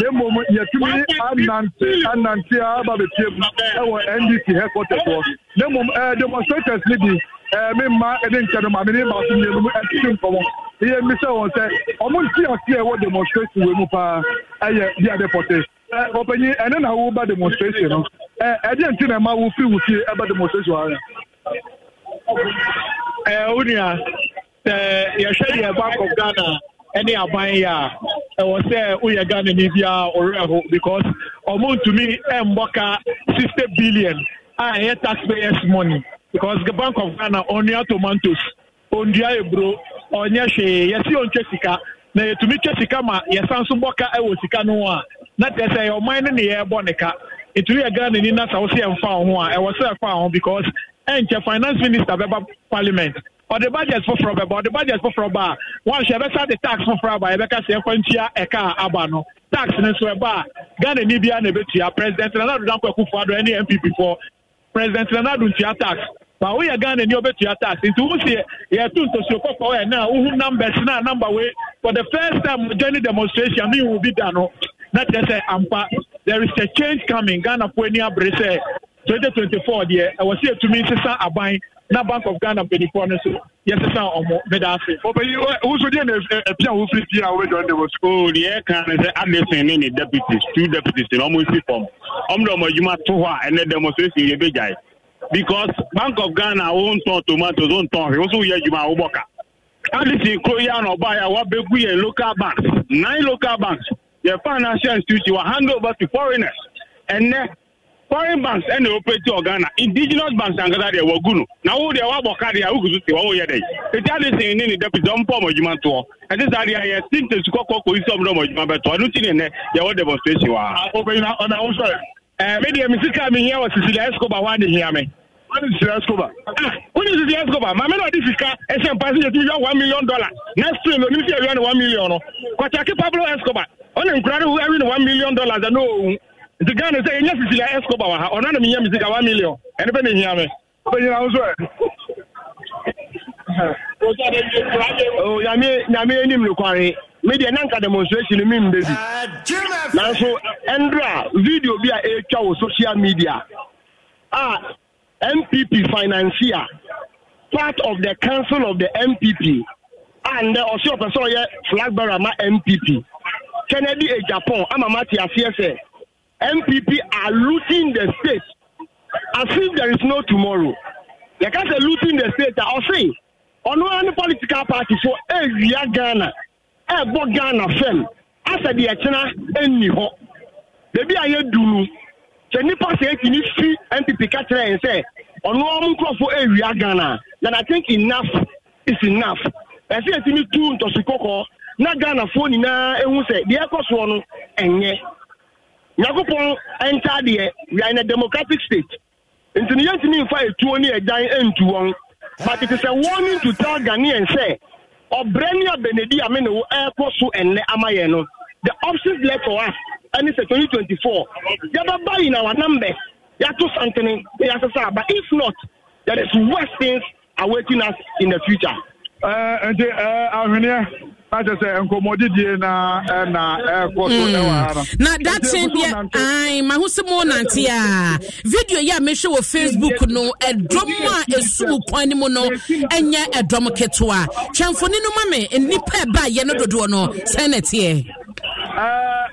na mmom yɛtumi anante anante a aba bepie mu ɛwɔ ndc headquarters wɔ na mmom ɛɛ eh, demonstrators ni bi ɛɛ eh, mi mma ɛde nkyɛn no maame ne baako mmienu mu ɛtete nkɔmɔ iye mbisa wɔn sɛ ɔmo nti ase a ɛwɔ demonstration wɔ mu paa ɛyɛ di ade pɔte ɛɛ ɔpanyin ɛne na awo wo nua sɛ bank of ghana aban a ɛwɔ sɛ ghana ni ɔwerɛ ho because ɔmo ntumi billion a ɛyɛ taxpayers money because bank of ghana ɔnua tomatoes ɔndua eburo ɔnyɛ hwee yɛsi ɔntwa sika na yɛtumi twa sika ma yɛsan so sika no ho na kyerɛ sɛ ɔman no ne yɛrebɔ ne ka yɛ ghana na sa ɛnkyɛ finance minister bɛba parliament ɔde budget foforɔ bɛba ɔde budget foforɔ ba a wɔnhyɛ ɛbɛsa de tax foforɔ aba yɛbɛka sɛ ɛkwantua ɛka a aba no tax no nso ɛba a ghana ni bia na ɛbɛtua president nanado danko akufo adɔ ɛne mpp fɔ president nanado ntua tax ba woyɛ ghana ni ɔbɛtua tax nti wo sɛ yɛto ntosuo kɔkɔ ɛ na wohu numbers na number wei for the first time joining demonstration me wo bi da no na kyerɛ sɛ ampa there is a change coming ghana fo ani abere sɛ 2024 deɛ ɛwɔ sɛ yɛtumi nsesa aban na bank of ghana mpanimfoɔ no so yɛsesa ɔmo meda ase. ɔbɛyi woso deɛ na ɛpia wo firi fie a wobɛdɔ ne wo so. oo deɛ ɛka ne sɛ anderson ne ne deputies two deputies na ɔmo nsi fam ɔmo de ɔmo adwuma to hɔ a ɛnɛ demonstration yɛ bɛgyae because bank of ghana wo ntɔn tomatoes wo ntɔn hwee wo so woyɛ adwuma a wobɔka anderson kuro yi a na ɔbaa yɛ a wabɛgu yɛn local banks nine local banks yɛ financial institution wa hand over to foreigners ɛnɛ foreign banks ɛna operate wɔ ghana indigenous banks ankasa deɛ wɔgu no na wo deɛ woabɔ ka deɛ a wogu so te wɔn woyɛ dɛ tete adesin ne ne deputy ɔmpɔ ɔmɔ adwuma toɔ ɛte saa deɛ yɛ tim tesu kɔkɔ kɔyi sɛ ɔmɔ adwuma bɛtɔ ɔno ti ne nɛ yɛwɔ demonstration wa. ɔbɛnyina ah, ɔna wo wɔ sisi la hɔ adi hiɛ wọ́n ti sisi escobar. maame náà di sika ɛsɛn passenger ti yɔ one million dollar next train onim si yɛ yɔ ni one million no kɔtaki pablo escobar ɔne nkura ni wɔ ɛwi ni one million dollars ɛna owu nti ghana sɛ ɛnyɛ sisilia escoba wɔ ha ɔno na menya me sika one million ɛno pɛ na ɛhia me ɔbɛnyina wo so ɛ nyame nyame anim nokware medeɛ na nka demonstration no memmɛ bi nanso ɛndrɛ a video bi a ɛtwa wo social media a mpp financier part of the council of the mpp and ɔse ɔpɛ sɛ ɔyɛ flag bearer ma mpp kennedy a eh, japan ama mate aseɛ sɛ NPP are looting the state as if there is no tomorrow. They can't say looting the state. I'll say, on one political party for Asia Ghana, Ebo Ghana firm, as a Diachina and Niho. Maybe I hear Dunu. So Nipa NPP catcher and say, on one crop for Asia Ghana. Then I think enough is enough. I Na Ghana nyankopɔn ɛnka deɛ we are in a democratic state nti no yɛntumi mfa etuo ne agyan ɛntu wɔn but it is a warning to tell ghanaians sɛ ɔbrɛ ne a benedi ame ne wo ɛrekɔ so ɛnnɛ ama yɛn no the options left for us ɛne sɛ 2024 yɛbɛba yi na wanambɛ yɛato santene na yɛasesa but if not there is worse things awaiting us in the future. ɛɛ nti ɛɛ ahwenneɛ. akyɛ nkɔmmɔdidie na ɛna eh, ɛkɔ na daten deɛ an maho sɛ mo nante a video yi a wɔ facebook no ɛdɔm eh, a esu kwan mu no ɛnyɛ ɛdɔm ketewa nnipa no dodoɔ no sɛn na ɛteɛ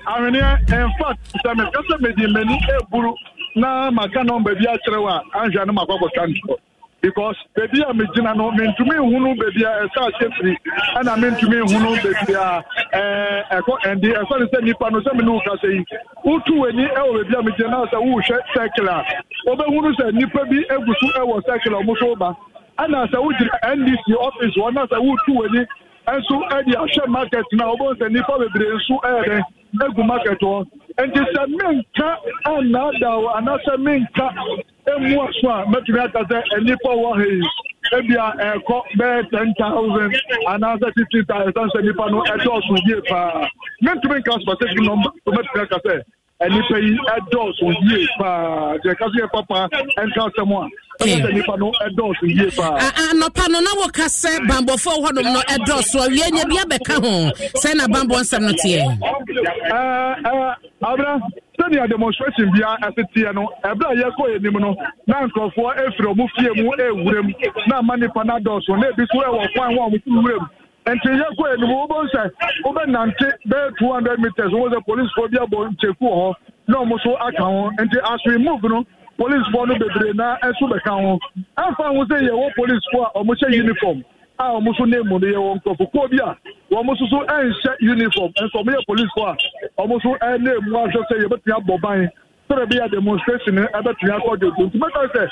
ahweneɛ eh, infact sɛ mekasɛ mede m'ani ɛburu na maka nɔmba bi akyerɛ a anhwɛ no makɔkɔtwa because beebi a megyina no mentumi nhunu beebi a ɛsɛ ahyɛ firi ɛna mentumi nhunu beebi a ɛɛ ɛkɔ ɛndi ɛfɛ no sɛ nipa no sɛ mi ne kasa yi wotu w'ani ɛwɔ beebi a megyina na sɛ wohwɛ sɛkil a wobɛhunu sɛ nipa bi egu so ɛwɔ sɛkil a ɔmo so ba ɛna sɛ wogyina ndc ɔfis hɔ na sɛ wotu w'ani nso ɛde ahyɛ market oh. na wɔbɛn sɛ nipa bebree nso ɛyɛ dɛ egu market hɔ nti sɛ menka anaadaa anasɛ menka emu aso a mɛtumi aka sɛ nnipa wɔ ha yi ebia ɛkɔ bɛyɛ ten thousand anaasɛ fifty thousand ɛsan sɛ nnipa no ɛdɔɔso yie paa mɛtumi nka specific number so mɛtumi aka sɛ nnipa yi ɛdɔɔso yie paa deɛ kasi yɛ papa ɛnka sɛm a ɛsɛ sɛ nnipa no ɛdɔɔso yie paa. anɔpa no na wɔka sɛ bambɔfoɔ hɔnom no ɛdɔɔso awie nya bi abɛka ho sɛ na bambɔ nsɛm no teɛ. ɛɛ ɛɛ abira sɛnea demonstration bia ɛse teɛ no ɛberɛ a yɛkɔ anim no na nkurɔfoɔ ɛfiri ɔmo fie mu ɛwuram na ama nnipa no adɔɔso na ebi so ɛwɔ kwan hɔ a ɔmo so wuram nti yɛkɔ anim wobɛhu sɛ wobɛnante bɛyɛ 200 meters wɔn sɛ policefoɔ bi abɔ nkyeku wɔ hɔ na ɔmo so aka ho nti as we move no policefoɔ no bebree na ɛso bɛka ho ɛmfa ho sɛ yɛwɔ policefoɔ a ɔmo a wɔn nso name no yɛ wɔn nkurɔfokuo bi a wɔn nso so nhyɛ uniform nso wɔn yɛ a wɔn nso name mu ahwɛ sɛ yɛbɛtumi abɔ ban sɛdeɛ bi yɛ demonstration ɛbɛtumi akɔ otu nti mɛka sɛ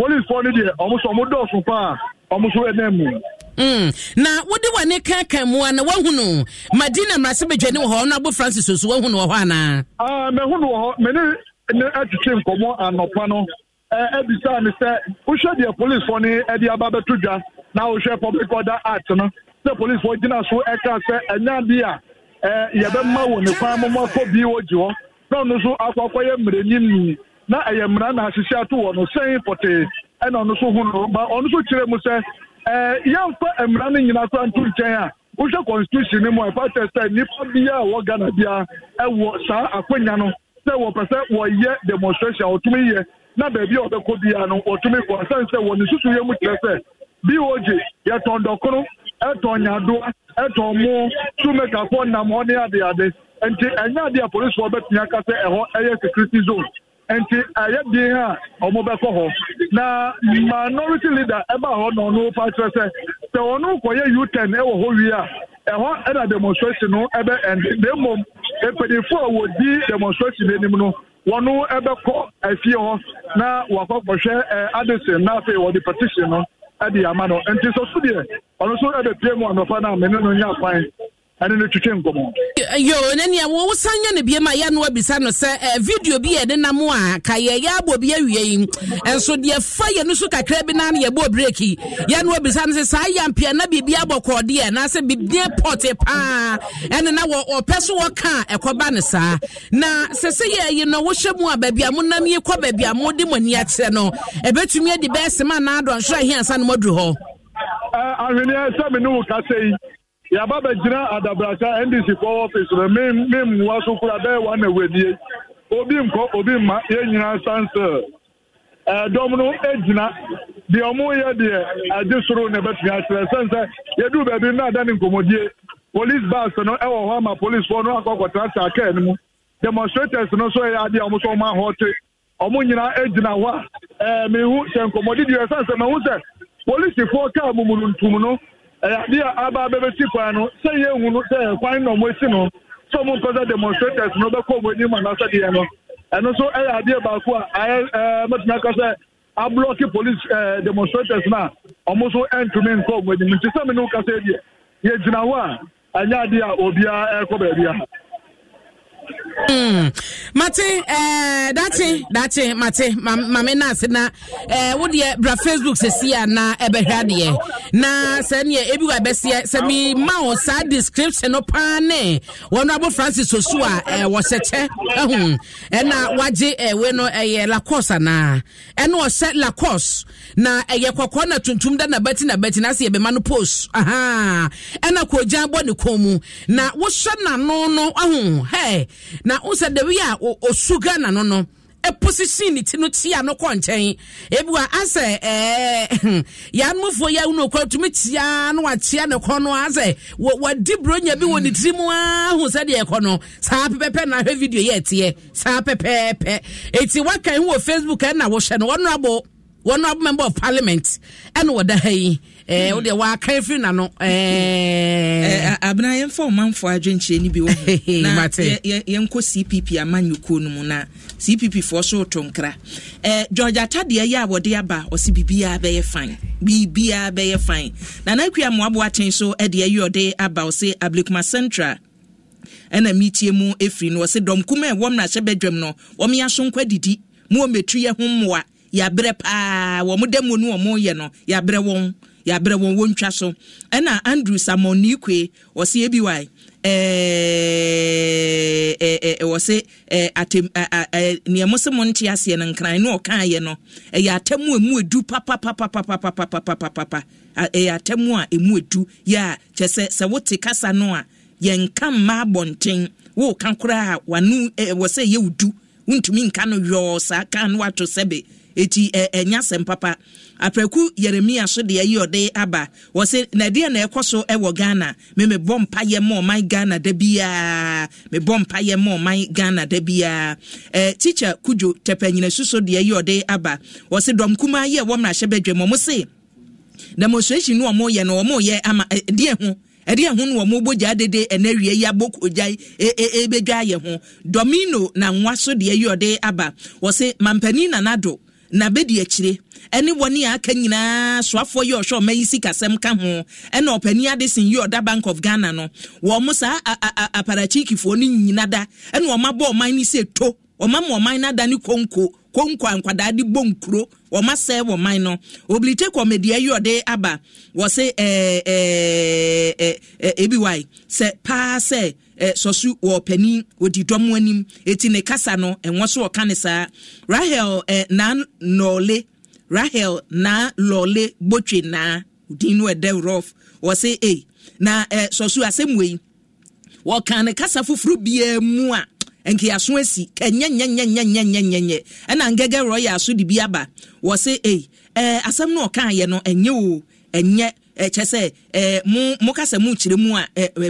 polisifoɔ no deɛ wɔn nso wɔn na wode na madina bɛdwane wɔ hɔ abo francis so wɔ hɔ wɔ na wohwɛ public order act no sɛ policefoɔ gyina so ɛka sɛ ɛnya bi a yɛbɛma wɔ ne kwan bi wɔ gye hɔ na ɔno so akɔ akɔyɛ mmerɛnimni na ɛyɛ mmara na ahyehyɛ ato wɔ no sɛn pɔtee ɛna ɔno so ho no ba ɔno so kyerɛ mu sɛ yɛmfa mmara no kora nto nkyɛn a wohwɛ constitution mu eh. a ɛfa kyerɛ sɛ nnipa biara a wɔ ghana ɛwɔ saa no sɛ wɔpɛ sɛ wɔyɛ demonstration a wɔtumi yɛ na baabi a wɔbɛkɔ biara no wɔtumi kɔ sɛ wɔ ne mu kyerɛ sɛ BOJ yɛtɔn dɔkono ɛtɔn nyadoa ɛtɔn mo tumekafoɔ nam hɔ ne adeade nti ɛnyɛ adeɛ a polisifoɔ bɛtumi aka sɛ ɛhɔ ɛyɛ security zone a na minority leader ɛba hɔ e na ɔno fa kyerɛ sɛ sɛ ɔno kɔyɛ u demonstration a demonstration n'anim no hɔ na petition ɛde ama no nti sɛ so deɛ ɔno nso ɛbɛpie mu anɔfa no a mene no nya kwan ɛne no twitwe nkɔmmɔ yo ne nea wo wosan nyɛ ne bia ma yɛ no abisa no sɛ eh, video bi yɛde nam a ka yɛyɛ abɔ bi awie yi ɛnso deɛ fa yɛ no so kakra bi naa no yɛbɔɔ break yi yɛ no abisa no sɛ saa yampea na biribi abɔ kɔɔdeɛ anaasɛ biribiɛ pɔte paa ɛne na wɔ ɔpɛ so wɔka a ɛkɔba no saa na sɛ sɛ yɛ yi no wohyɛ mu a baabi a monam yi kɔ baabi a mode mo ani akyerɛ no ɛbɛtumi adi bɛɛsema anaa dɔnhwerɛ ahiasa no moaduru hɔ ahweneɛ sɛ me ne wo ka sɛ yi yaba bɛgyina adabraka ndc fɔ ɔfis no memmua so kora bɛyɛ wa na wadie obi nkɔ obi mma yɛn nyinaa sansel ɛdɔm no gyina deɛ ɔmo yɛ deɛ soro na ɛbɛtumi akyerɛ sɛn sɛ baabi ada ne police bus no ɛwɔ hɔ ama policefoɔ no akɔkɔtena kyakɛɛ no mu demonstrators no nso yɛ adeɛ ɔmo so ɔmo ahɔte ɔmo nyinaa gyina hɔ a ɛɛ sɛ deɛ ade a aba abɛbɛsi kwan no sɛ yɛhu no sɛ kwan na ɔmɔsi no sɛ ɔmo mpɛ demonstrators no bɛkɔ ɔmɔ anim anaasɛ deɛ no ɛno nso ɛyɛ adeɛ baako a ayɛ mɛtumi aka sɛ ablɔke police demonstrators no ɔmo nso ɛntumi nkɔ ɔmɔ anim nti sɛ Hmm. mate eh, date date mate mame no ase na eh, wodeɛ bra facebook sɛsi a na ɛbɛhwɛ eh, adeɛ na sɛ neɛ ɛbi wɔ ɛbɛseɛ sɛ mema wo saa description no paa ne wɔno abo francis osu a wɔhyɛ kyɛ hmm. ahu ɛna wagye wei no ɛyɛ lacos anaa ɛne ɔhyɛ lacos na ɛyɛ kɔkɔɔ na tuntum da nabati nabati na sɛ yɛbɛma no post aha ɛna kogya bɔ ne kɔn mu na wohyɛ n'ano no ahu hɛ hmm, na wosɛ ya a osu ghana no no position ne ti no tia no kɔ nkyɛn ebi wa asɛ ɛɛ yanumufoɔ yi ahunu okɔ tumi tia no watia ne kɔ no asɛ wɔ bronya bi wɔ ne tiri mu ahu sɛdeɛ ɛkɔ no saa pɛpɛpɛ na ahwɛ video yɛ ɛteɛ saa eti wakan wɔ facebook ɛna wɔhyɛ no wɔn abo wɔn abo member of parliament Eh, hmm. wodeɛ wɔaka firi na no eh, eh. abena yɛmfa ɔmanfoɔ adwenkyerɛ no bi wɔ na yɛnkɔ cpp ama nyukuo no mu na cpp foɔ so woto nkra george atadeɛ yɛ a wɔde aba ɔse biribiaa bɛyɛ fan biribiaa bɛyɛ fan na na akua mmoaboaten so ɛde ɛyɛ ɔde aba ɔse ablekuma central ɛna metie mu ɛfiri no ɔse dɔm kuma ɛwɔm na ahyɛ badwam no wɔme aso nkwa didi mu ɔmɛtu yɛ ho mmoa yɛabrɛ paa wɔn da mu no wɔn yɛ no yɛabrɛ wɔn yɛabrɛ wɔn wɔntwa so ɛna andrew samon nikwe ɔse ebi wae wɔ se nea mo se mo nte aseɛ no nkran ne ɔkaeɛ no ɛyɛ atamu a mu edu papapapapapapapapapa ɛyɛ atamu a emu edu yɛ a kyɛ sɛ sɛ wote kasa no a yɛnka mmaa abɔnten wɔɔka koraa a wano yɛ wodu wontumi nka no yɔɔ saa ka no wato sɛbe eti ɛnya eh, eh, sɛm papa aprɛku yeremia so deɛ yi ɔde aba wɔsi na deɛ na ɛkɔ so ɛwɔ ghana mɛmɛ bɔ mpa yɛ mɔ ɔman ghana da biara mɛbɔ mpa yɛ mɔ ɔman ghana da biara ɛɛ eh, tikya kujo tɛpɛnyina soso deɛ yi ɔde aba wɔsi dɔm kumaa yi a wɔn ahyɛ bɛ dwam wɔn si demonstration no wɔn yɛ no wɔn yɛ ama ɛdeɛ ho ɛde ɛho no wɔn bɔ gya dede ɛna awie yi abɔ kogya yi ebedwa ayɛ ho domino na nwa so deɛ yi ɔde aba wɔsi e, e, e, mampanin nana do na bɛdi akyire ɛne wɔne a aka nyinaa soafoɔ yi ɔhwɛ ɔma yi sikasɛm ka ho ɛna ɔpani adesin yi ɔda bank of ghana no wɔn mo saa aparachikifoɔ no nyina da ɛna wɔn abɔ ɔman no sɛ to wɔn ama ɔman no ada ne konko konko nkwadaa de bɔ nkuro wɔn asɛe wɔn no obilite kɔmɛdiɛ yi ɔde aba wɔsɛ ɛɛ ɛɛ ɛɛ ebi wae sɛ paa sɛ. sɔso wɔ panin wɔdi dɔm anim eti ne kasa no ɛwɔ so wɔka ne saa rahel nanɔɔle rahel naa lɔɔle botwe naa din no ɛdɛ rof wɔ se e na sɔsu asɛm wei wɔka ne kasa foforɔ biara mu a esi nkeaso asi kɛnyɛnyɛnyɛnyɛnyɛnyɛnyɛ ɛna ngɛgɛ rɔyɛ aso de bi aba wɔ se e asɛm no ɔkaayɛ no ɛnyɛ o ɛnyɛ Eh, eh, kyɛ sɛ eh, moka sɛ mokyerɛ mu a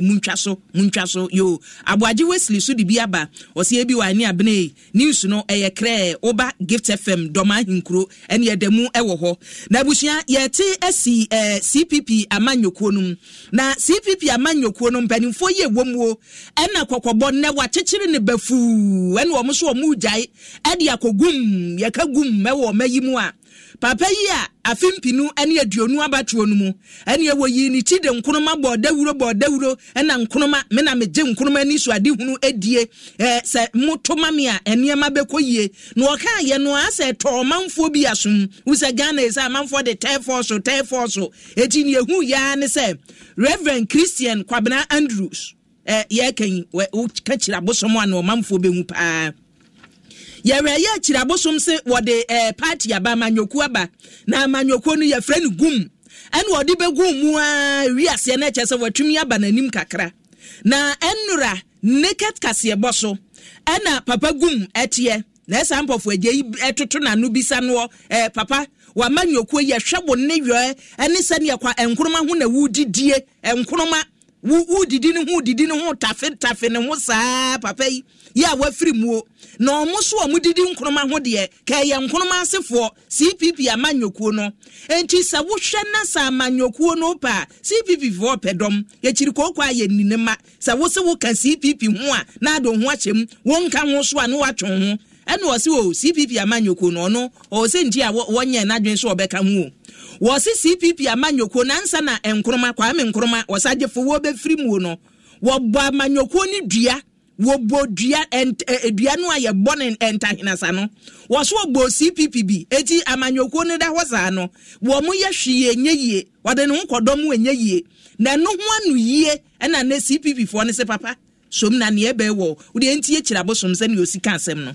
muntwa so muntwa so yo aboagye wesley so de bi aba ɔsɛ ebi, wɔ ani abene news no ɛyɛ krɛ woba gift fm dɔma ahenkuro ɛne ɛda mu ɛwɔ hɔ na abusua yɛte asi cpp amannwokuo no mu na cpp amannwokuo no mpanimfoɔ yie wɔ mu o ɛna kɔkɔbɔ nnɛ wakyekyere ne bafuu ɛne ɔmo so ɔmo gyae ɛde akɔgum yɛka gum ɛwɔ ɔma yi mu a papa yi a afi mpinu ɛne aduonu abatoɔ no mu ɛne ɛwɔ yi ne ti de nkonoma bɔ dawuro bɔ dawuro ɛna nkonoma me na megye nkonoma ani so ade hunu edie ɛɛ sɛ moto ma me a nneɛma bɛkɔ yie na ɔka yɛ no a sɛ tɔɔ manfoɔ bi asom wosɛ ghana sɛ amanfoɔ de tɛɛfoɔ so tɛɛfoɔ so eti ne ehu yaa ne sɛ reverend christian kwabena andrews ɛɛ yɛɛka yi wɔ ka kyerɛ abosom a na ɔmanfoɔ bɛhu paa yɛwɛ yɛ akyiri abosom se wɔde ɛɛ eh, party aba amanyɔkuo aba na amanyɔkuo no yɛfrɛ no gum ɛna wɔde bɛgu mu aa ewi aseɛ na ɛkyɛ sɛ wɔatumi aba n'anim kakra na ɛnura naked kaseɛ bɔ so ɛna papa gum ɛteɛ na ɛsan mpɔfo agye yi ɛtoto n'ano bisa noɔ ɛɛ eh, papa wama nyɔkuo yi ɛhwɛ wɔn ne yɔɛ ɛne sɛnea kwa nkoroma ho na wudidie nkoroma wudidi ne ho didi ne ho tafe tafe ne ho saa papa yi. yɛ a wafiri muo na ɔmo so ɔmo didi nkoroma ho deɛ kɛyɛ nkoroma asefoɔ cpp amanyɔkuo no nti sɛ wohwɛ na sɛ amanyɔkuo no pɛ a cpp foɔ pɛ dɔm yɛkyiri kooko a yɛ ma sɛ wose woka cpp ho a na ado ho ahyɛ mu wonka ho so a na woatwe ho ɛna ɔsi o cpp amanyɔkuo no ɔno ɔsɛ nti a wɔnyɛ n'adwene so ɔbɛka ho o wɔsi cpp amanyɔkuo nansa na nkoroma kwame nkoroma wɔsa agyefo wo bɛfiri mu no wɔbɔ amanyɔkuo ne dua wɔbɔ dua ɛnt ɛdua no a yɛbɔ ne ɛntahenasa no wɔso wɔbɔ cpp bi eti amanyɔkuo no da hɔ saa no wɔn mo yɛ hwee enye yie wɔde ne ho kɔdɔm enye yie na ɛno ho ano yie ɛna ne cpp foɔ ne se papa som na neɛ bɛɛ wɔ wɔde ntie kyerɛ abosom sɛ ne osi ka asɛm no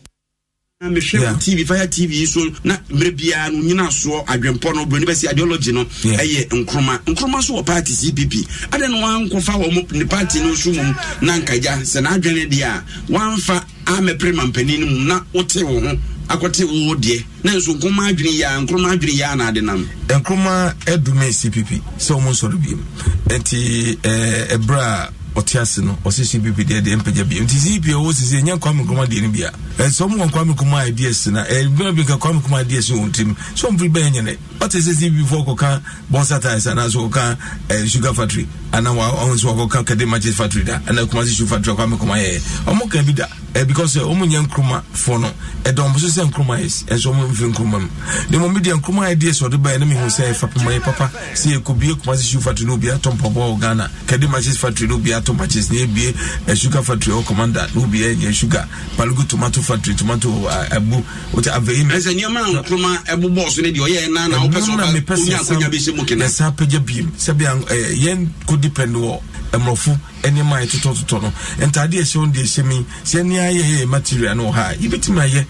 mehwɛ yeah. tv fire tv yi so na mmerɛ biara no nyina soɔ adwempɔ no buroni bɛsi ideology no ɛyɛ nkroma nkroma so wɔ party cpp adɛ no wankɔfa wɔ ne party no so mom na nkagya sɛ n'adwene deɛ a wamfa amɛpere mampanin no mu na wote wo ho akɔte wo deɛ na nso nkroma adwene yi a nkroma adwene yi a na ade nam nkroma adume cpp sɛ ɔmo nsɔre biem nti ɛɛ eh, ɛbrɛ a ɔte ase no ɔsi si bibi deɛ deɛ mpagya bi nti si bi ɔwɔ sisi enya kwame nkrumah deɛ ne bia ɛsɛ ɔmo wɔn kwame ideas na ɛbɛn bi nka kwame nkrumah ideas wɔn tirim so ɔmo firi bɛyɛ nyɛ dɛ ɔte sɛ si bi fo ɔkɔka bɔnsa anaasɛ ɔkɔka sugar factory anaa nso ɔkɔka kɛde matches factory da ɛna kumasi shoe factory kwame nkrumah yɛ ɔmo bi da eh, because ɔmo eh, nyɛ nkruma fo no ɛdɔm eh, eh, so sɛ nkruma yɛ ɛnso ɔmo mfe nkruma mu ne mo media nkruma yɛ deɛ sɛ bɛyɛ ne mehu sɛ ɛfa pema yɛ papa sɛ yɛkɔbie kumase shoe factory no obiaa tɔ mpɔbɔ wɔ ghana kade matches factory no obiaa tɔ matches na ɛbie asugar factory ɔ commander na obiaa nyɛ sugar palugu tomato factory tomato abu wote avɛyi no ɛsɛ nneɛma nkruma ɛbobɔ so ne deɛ ɔyɛ na na wopɛ sɛ ɔnya akonya bɛhyɛ mu kena ɛsa pagya biem sɛbia yɛn kɔdepend wɔ mmorɔfo nneɛma a yɛtotɔtotɔ no ntaade a ɛhyɛ wɔn de ɛhyɛ mi sɛ ɛni ayɛyɛ material no wɔ ha yɛbɛtumi ayɛ.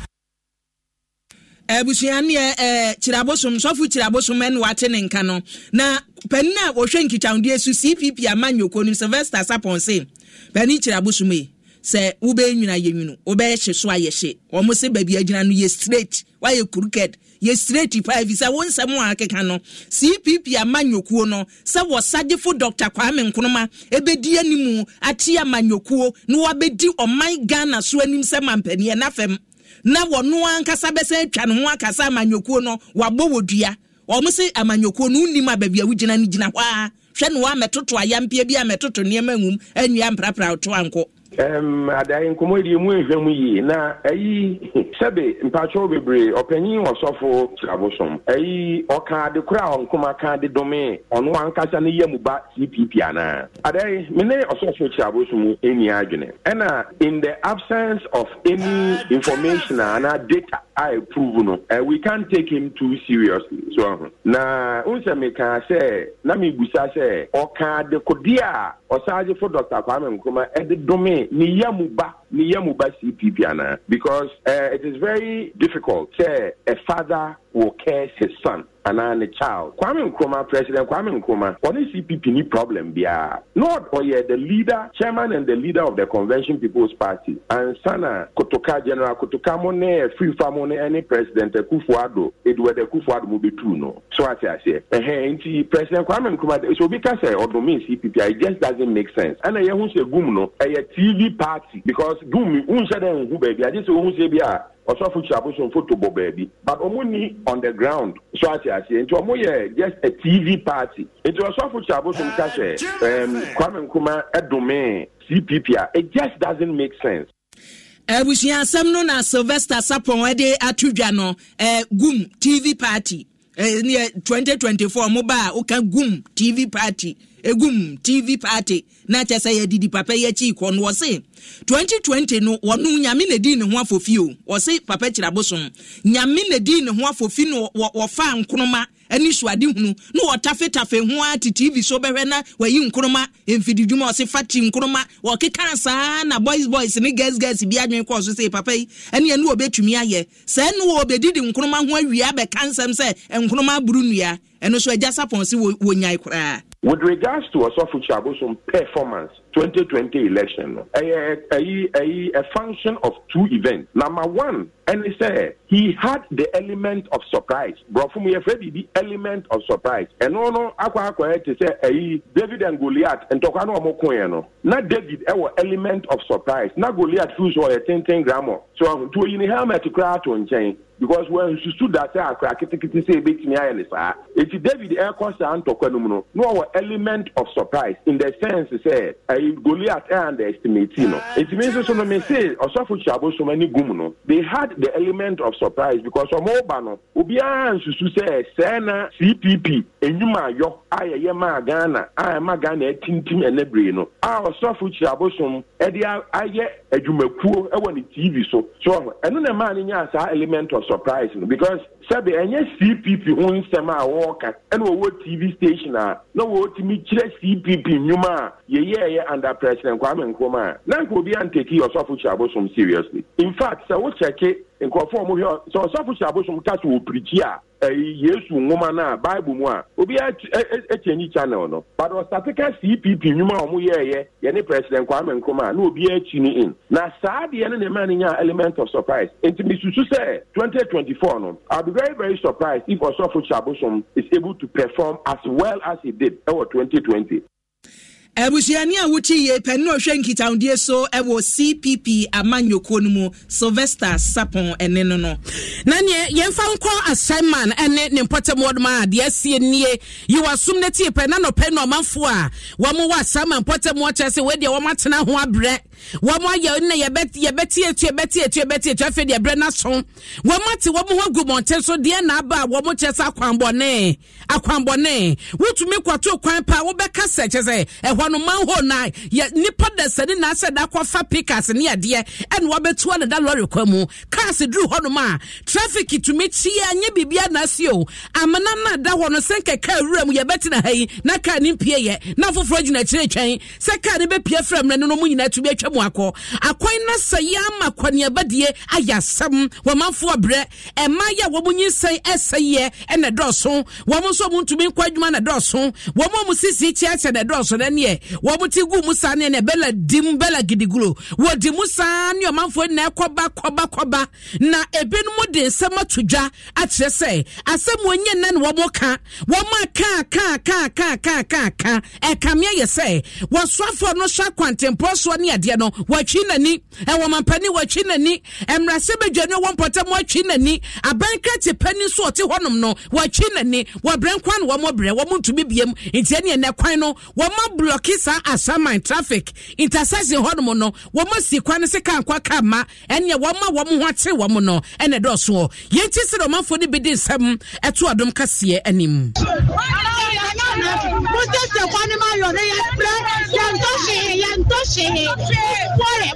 abusua eh, neɛ eh, kyirabosom sɔfo kyirabosom ɛna wate ne nka no na panin a wɔhwɛ nkitahodie so cpp ama nyoko no sylvester sapon se panin kyirabosom yi sɛ wobɛyɛ nwina yɛ nwunu wobɛyɛ hye so ayɛ hye wɔn sɛ baabi agyina no yɛ straight wayɛ crooked yɛ straight paa efi sɛ wɔn nsɛm a akeka no cpp amanyɔkuo no sɛ wɔsadefo dr kwame nkrumah ebedi anim ate amanyɔkuo na wabedi ɔman ghana so anim sɛ mampanin ɛnafɛm na wɔn ankasa bɛsɛ atwa ne ho akasa amanyɔkuo no wabɔ wɔ dua wɔn sɛ amanyɔkuo no nnim a baabi a wogyina no gyina hɔ a hwɛ no wa mɛtoto ayampeɛ bi a mɛtoto nneɛma nwom anwia mprapra to anko. adaeɛ nkɔmmɔ deɛ mu nhwɛ mu yie na ɛyi sɛbe mpakyɛw bebree ɔpanyin ɔsɔfo kyirabosom ɛyi ɔka de kora a ɔnkoma ka de dome ɔno ankasa ne yɛ mu ba cpp anaa adaeɛ me ne ɔsɔfo kyirabosom ɛni adwene ɛna in the absence of any information anaa data a ɛprove no uh, we can't take him too seriously na wonsɛ mekaa sɛ na mebusa sɛ ɔka de kodeɛ a dr kwame nkoma ɛde dome ne yam ba ni yẹ mo ba cpp ana because uh, it is very difficult sẹ a father will curse his son anaa ne child kwame nkrumah president kwame nkrumah ɔne cpp ni problem biara not ɔyɛ the leader chairman and the leader of the convention people's party ansana kotoka general kotoka mo ne efiri fa mo ne ɛne president akufoado eduwɛdɛ akufoado mo betu no so ate aseɛ ɛhɛn nti president kwame nkrumah so obi ka sɛ ɔdomi cpp it just doesn't make sense ɛna yɛn ho sɛ gum no ɛyɛ tv party because dum nhyɛ dɛ nhu baabi agye sɛ ohun sie bi a ɔsɔfo kyiapɔsɔn foto bɔ baabi but ɔmo ni on the ground so ase aseɛ nti ɔmo yɛ just a tv party nti ɔsɔfo kyiapɔsɔn ka sɛ ɛɛm kwame nkrumah ɛdome cpp a ah, it just doesn't make sense. abusua no na sylvester sapon ɛde ato dwa no gum tv party ɛneɛ 2024 moba a woka gum tv party egum tv party na kyɛ sɛ yɛdidi papa yi akyi kɔ no wɔse 2020 no wɔno nyame na di ne ho afofi o wɔse papa kyerɛ abosom nyame na di ne ho afofi no wɔfa nkonoma ɛne suadehunu na wɔtafetafe ho a te tv so bɛhwɛ na wayi nkroma mfididwuma ɔse fa te nkroma wɔkekara saa na boys boys ne gas gas bi adwene kɔɔ so sɛ papa yi ɛne ɛne wɔbɛtumi ayɛ sɛ ɛne wɔbɛdidi nkroma ho awia bɛka nsɛm sɛ nkroma aburu nnua ɛno so agya sapɔn se wɔnyae koraa with regards to ɔsɔfo kyabosom performance 2020 election no ɛyɛ ɛyi ɛyi a function of two events number one ɛni sɛ he had the element of surprise borɔfo mu yɛfrɛ biribi element of surprise ɛno no akɔ akɔyɛ te sɛ ɛyi david and goliath ntɔkwa no ɔmo koeɛ no na david ɛwɔ eh, element of surprise na goliath fi so oh, ɔyɛ tenten grammar so ɔtuo uh, yi ni helmet koraa to nkyɛn because wọn susu da sẹ akora kitikiti sẹ ebetumi ayẹ ne saa eti david ẹkọ eh, saa ntọkwa no mu no na ọwọ element of surprise in the sense sẹ ẹyi eh, goliath ẹ eh, underestimate no eti mi nso so no mi sẹ ọsọfo kyabo soma ni gum no they had the element of surprise because ọmọ ọba no obiara nsusu sẹ sẹ cpp enyim ayọ a yẹyẹ maa ghana a ẹma ghana ẹtintim ẹnẹbere no a ọsọfo kyabo som ẹde ayẹ adwumakuo ẹwọ ne tv so so ẹno na maa ne nya saa element of surprising because sɛbi ɛnyɛ cpp ho nsɛm a wɔɔka ɛna wɔwɔ tv station a na wɔtumi kyerɛ cpp nnwuma a yɛyɛɛyɛ under president kwame nkrumah a na nka obi anteki ɔsɔfo hyɛ abosom seriously in fact sɛ wokyɛke nkurɔfoɔ mo hwɛ sɛ ɔsɔfo hyɛ abosom ka sɛ wɔpirikyi a yesu nwoma no a bible mu a obiara akyɛnyi channel no but ɔsate ka cpp nnwuma a ɔmo yɛɛyɛ yɛne president kwame nkrumah a na obiara akyi no in na saa deɛ no ne ma no nya element of surprise nti twenty sɛ 2024 no be very, very surprised if Osofo Chabosom is able to perform as well as he did over 2020 abusuani a wote yie pɛni na ɔhwɛ nkitahodie so e wɔ cpp amanyɔkuo no mu sylvester sapon ɛne no no na neɛ yɛmfa nkɔ assignment ɛne ne mpɔtam a deɛ asie nie yiwasom no tie pɛ na nɔpɛ no ɔmanfoɔ a wɔmo wɔ assignment mpɔtam wɔkyerɛ sɛ wɔdeɛ wɔmatena ho abrɛ wɔn ayɛ na yɛbɛti etu yɛbɛti etu yɛbɛti etu afei deɛ brɛ n'aso wɔn ate wɔn ho agu mɔnten so deɛ n'aba a wɔn kyɛ sɛ akwanbɔne akwanbɔne wotumi kɔto kwan pa wobɛka sɛ kyɛ sɛ ɛhɔ hɔ no manhole no a yɛ nipa da sani na asɛ da fa pikas ne adeɛ ɛna wabɛtua ne da lɔre kwa mu cars duru hɔ nom a traffic tumi kyia nye biribia na asi o amena no ada hɔ no sɛ nkɛka awura mu yɛbɛtena ha yi na kaa ne mpie yɛ na foforɔ gyina akyire twɛn sɛ kaa ne bɛpie frɛ mmerɛ no no mu nyinaa tumi atwa mu akɔ akwan na sɛ yɛama kwaneabadie ayɛ asɛm wɔmanfoɔ berɛ ɛma yɛ wɔn nyinsɛn ɛsɛ yɛ ɛna dɔɔso wɔn nso mu ntumi nkɔ adwuma na dɔɔso wɔn a mu sisi kyia kyɛ na dɔɔso na neɛ deɛ wɔn ti gu mu saa ne yɛ bɛla dim bɛla gidiguro wɔdi mu saa ne ɔmanfoɔ na ɛkɔba kɔba kɔba na ebinom de nsɛm ato dwa akyerɛ sɛ asɛm wɔn nyɛ nna na wɔn ka wɔn aka aka aka aka aka aka aka ɛkamea yɛ sɛ wɔsoafoɔ no hyɛ akwantempɔ soɔ ne adeɛ no wɔatwi n'ani ɛwɔ mampani wɔatwi n'ani mmerɛsɛ bedwani wɔn pɔtɛ mo atwi n'ani abankrate pani nso ɔte hɔnom no wɔatwi n'ani wɔbrɛ nkwa no wɔn brɛ wɔn ntumi biem ntiɛ ne yɛ nɛ no wɔn ablɔk blɔki saa asaman traffic intersection hɔnom no wɔn asi kwan se kaa nkwa kaa ma ɛnea wɔn a wɔn ho akyere wɔn no ɛna ɛdɔɔso yɛn ti sɛ ɔmanfoɔ no bi di nsɛm ɛto adom kaseɛ anim. Moses Ekwanima Ayọ̀ ni yẹn pẹ́ yẹn na ṣe é yẹn tó ṣe é púpọ̀ rẹ̀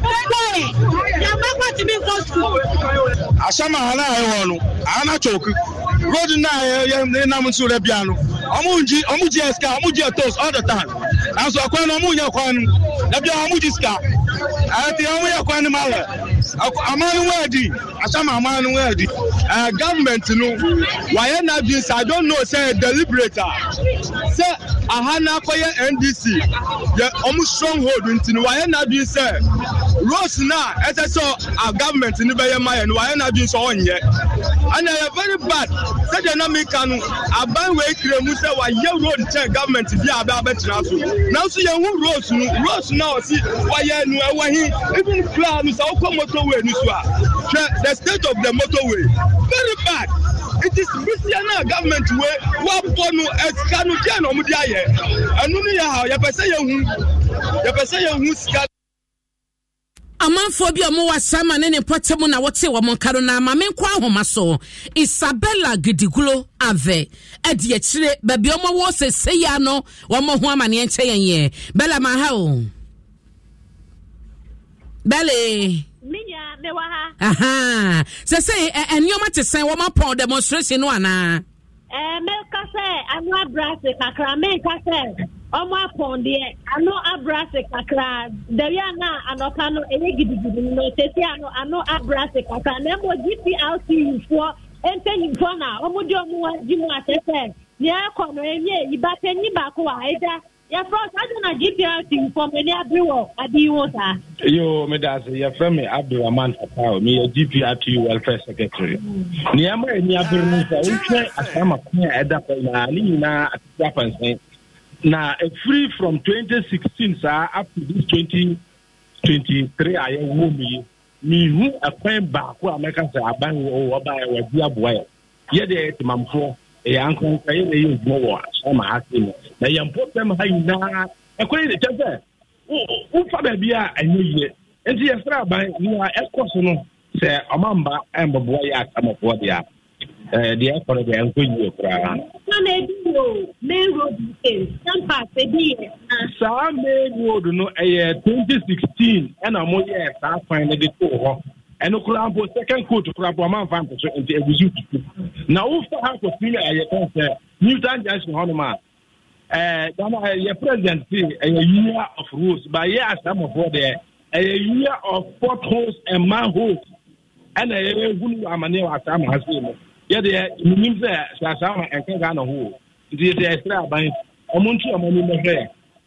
road náà yẹn nam nsu rẹ̀ bíà no, ọmú njí ọmú jí ẹsika ọmú jí ẹtọ́s all the time, nanso ẹ̀kọ́ ẹ̀ na ọmú yẹ ẹ̀kọ́ ẹ̀ no, ẹ̀bi ọmú jí sika, ẹ̀ amanuwa adi asam amanuwa adi ɛɛ eh, gavumenti no wayɛ n'adwin sɛ i don't know sɛ deliberate a sɛ aha n'akɔyɛ ndc yɛ ɔmo stronghold nti no wayɛ n'adwin sɛ rose na ɛsɛ sɛ a ah, gavumenti no bɛyɛ mayɛ no wayɛ n'adwin sɛ ɔnyɛ ɛna ɛyɛ very bad sɛdeɛ na mi ka no aban wei kire mu sɛ wayɛ road kyɛn gavumenti bi a bɛ abɛtena so nanso yɛn ho rose no rose na ɔsi wayɛ nu ɛwɔ hi even kura no sɛ ɔkɔ moto. motorway no so a the state of the motorway very bad it is bisia government wey wabɔ no sika no deɛ na ɔmo de ayɛ ɛno no yɛ ha yɛpɛ sɛ yɛhu yɛpɛ sɛ yɛhu sika. amanfoɔ bi a ne ne mu na wɔte wɔn nka no na ahoma ave akyire baabi no ho sɛ sɛ nneɔma te sɛn wɔma pɔn demonstration no anaa mɛka sɛ ano abra ase kakra menka sɛ ɔmo apɔn deɛ ano abra kakra dɛwi ana anɔpa no ɛyɛ gidigidi no sɛsi ano ano abra ase kakra na mmɔ gplc foɔ mpanyimfoɔ na ɔmo de ɔmo agye mu asɛ sɛ neɛ ɛkɔ no ɛnyɛ yiba panyin baako wɔ aɛda yɛfrɛ sade na gps mfɔm ani abere wɔ adeyi wo saa yo meda ase yɛfrɛ me abdurahman fatao meyɛ gp atu welfare secretary nneɛma ani abere no sa. wohwɛ asamakon a ɛda hɔ naa ne nyinaa atete apansɛn na ɛfiri from 2016 saa up to this 2023 a yɛwɔ mu yi mehu ɛkwan baako a mɛka sɛ aban wɔ ɔbaɛ wɔde aboa yɛ yɛdeɛ yɛ temamfoɔ ɛyɛ ankonkaeɛ na ɛyɛ odwuma wɔ asɔma ase mu na yɛ mpɔtam ha nyinaa ɛkwan yi ne kyɛ sɛ wofa baabi a ɛnyɛ yie nti yɛsrɛ aban ɛkɔ so no sɛ ɔmamba yɛ deɛ a deɛ ɛkɔ no deɛ ɛnkɔ yie koraa saa main road no ɛyɛ 2016 ɛna moyɛɛ saa kwan no de too ɛno koraa mpo second coat koraa mpo ɔma mfa nkɔ so nti agusi e tutu na wofa ha nkɔ senior ɛyɛ kan sɛ newtown junction hɔnom a ɛɛ ghana ɛyɛ president se ɛyɛ year of rules ba yɛ asamofoɔ deɛ ɛyɛ e, year of potholes and manholes ɛna ɛyɛ ehunu amaneɛ wɔ asamo ha sei no yɛdeɛ nnim sɛ sɛ asamo ɛnka ghana ho o nti yɛsɛ ɛsrɛ e, aban ɔmo ntu ɔmo anim bɛhwɛ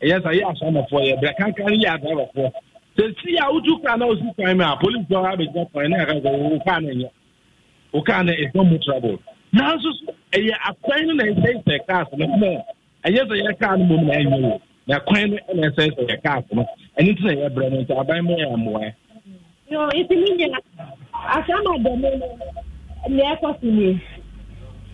ɛyɛ sɛ yɛ asamofoɔ yɛ brɛ kankan yɛ asamofoɔ sɛsi a wotu kaa na wosi kwan mu a polisi ɔha bɛgyina kwan na ɛka sɛ wo kaa no ɛnyɛ wo kaa no it's not trouble nanso so ɛyɛ akwan no na ɛsɛesɛ cars no mo ɛnyɛ sɛ yɛ kaa no mmom na ɛnyɛ wo na kwan no ɛna ɛsɛesɛ yɛ cars no ɛno nti na ɛyɛ brɛ no nti aban mu yɛ mmoa ɛtumi nyina asɛm adɔme ne ɛkɔ so nie